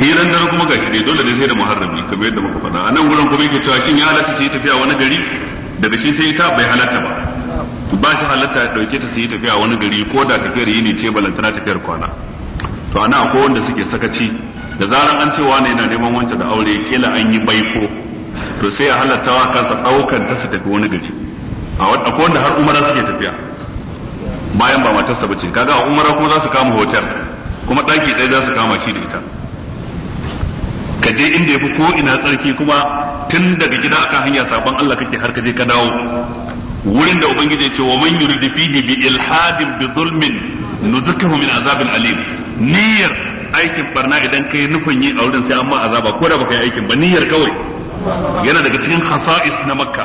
Speaker 1: hiran dare kuma gashi dai dole ne sai da muharrami kamar yadda muka faɗa a nan wurin kuma yake cewa shin ya halatta sai tafiya wani gari daga shi sai ita bai halatta ba ba shi halatta ya dauke ta su yi tafiya wani gari ko da tafiyar yi ne ce balantana tafiyar kwana to ana akwai wanda suke sakaci da zarar an cewa wani yana neman wancan da aure kila an yi baiko to sai a halatta wa kansa daukan ta su tafi wani gari a akwai wanda har umara suke tafiya bayan ba matarsa bace kaga a umara kuma za su kama hotel kuma daki ɗaya za su kama shi da ita ka je inda ya fi ko ina tsarki kuma tun daga gida akan hanya sabon Allah kake har ka je ka dawo wurin da ubangiji ya ce wa man yuridu fihi bi ilhadin bi zulmin nuzikahu min azabin alim niyyar aikin barna idan kai nufin yi a wurin sai amma azaba ko da baka yi aikin ba niyyar kawai yana daga cikin hasa'is na makka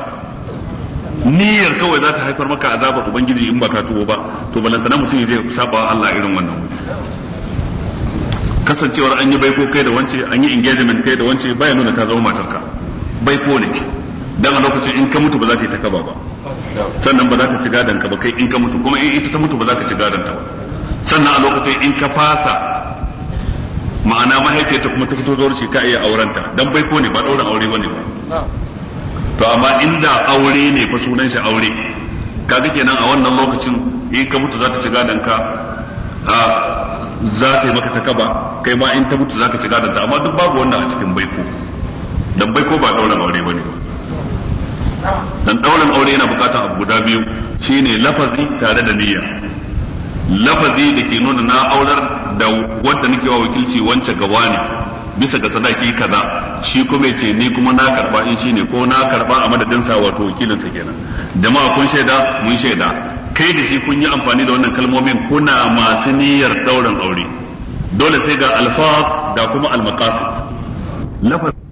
Speaker 1: niyyar kawai za ta haifar maka azabar ubangiji in ba ka tuwo ba to balantana mutum zai saba Allah irin wannan kasancewar an yi baiko kai da wance an yi engagement kai da wance baya nuna ka zama matarka bai ko ne dan a lokacin in ka mutu ba za ta yi ta kaba ba sannan ba za ta ci gadon ka ba kai in ka mutu kuma in ita ta mutu ba za ta ci gadon ta ba sannan a lokacin in ka fasa ma'ana mahaifiyarta kuma ta fito zuwa ka iya aurenta dan bai ko ne ba dauran aure bane ba to amma inda aure ne fa sunan shi aure kaga kenan a wannan lokacin in ka mutu za ta ci gadon ka za ta yi maka takaba kai ma in ta mutu za ka ci gadon ta amma duk babu wannan a cikin baiko dan ko ba dauran aure bane ba dan dauran aure yana bukatar abu guda biyu shine lafazi tare da niyya lafazi da ke nuna na aurar da wanda nake wa wakilci wancan gaba ne bisa ga sadaki kaza shi kuma ce ni kuma na karba in shine ko na karba a madadin sa wato wakilinsa kenan jama'a kun shaida mun shaida kai da shi kun yi amfani da wannan kalmomin kuna masu niyyar dauran aure dole sai ga alfaq da kuma almaqasid lafazi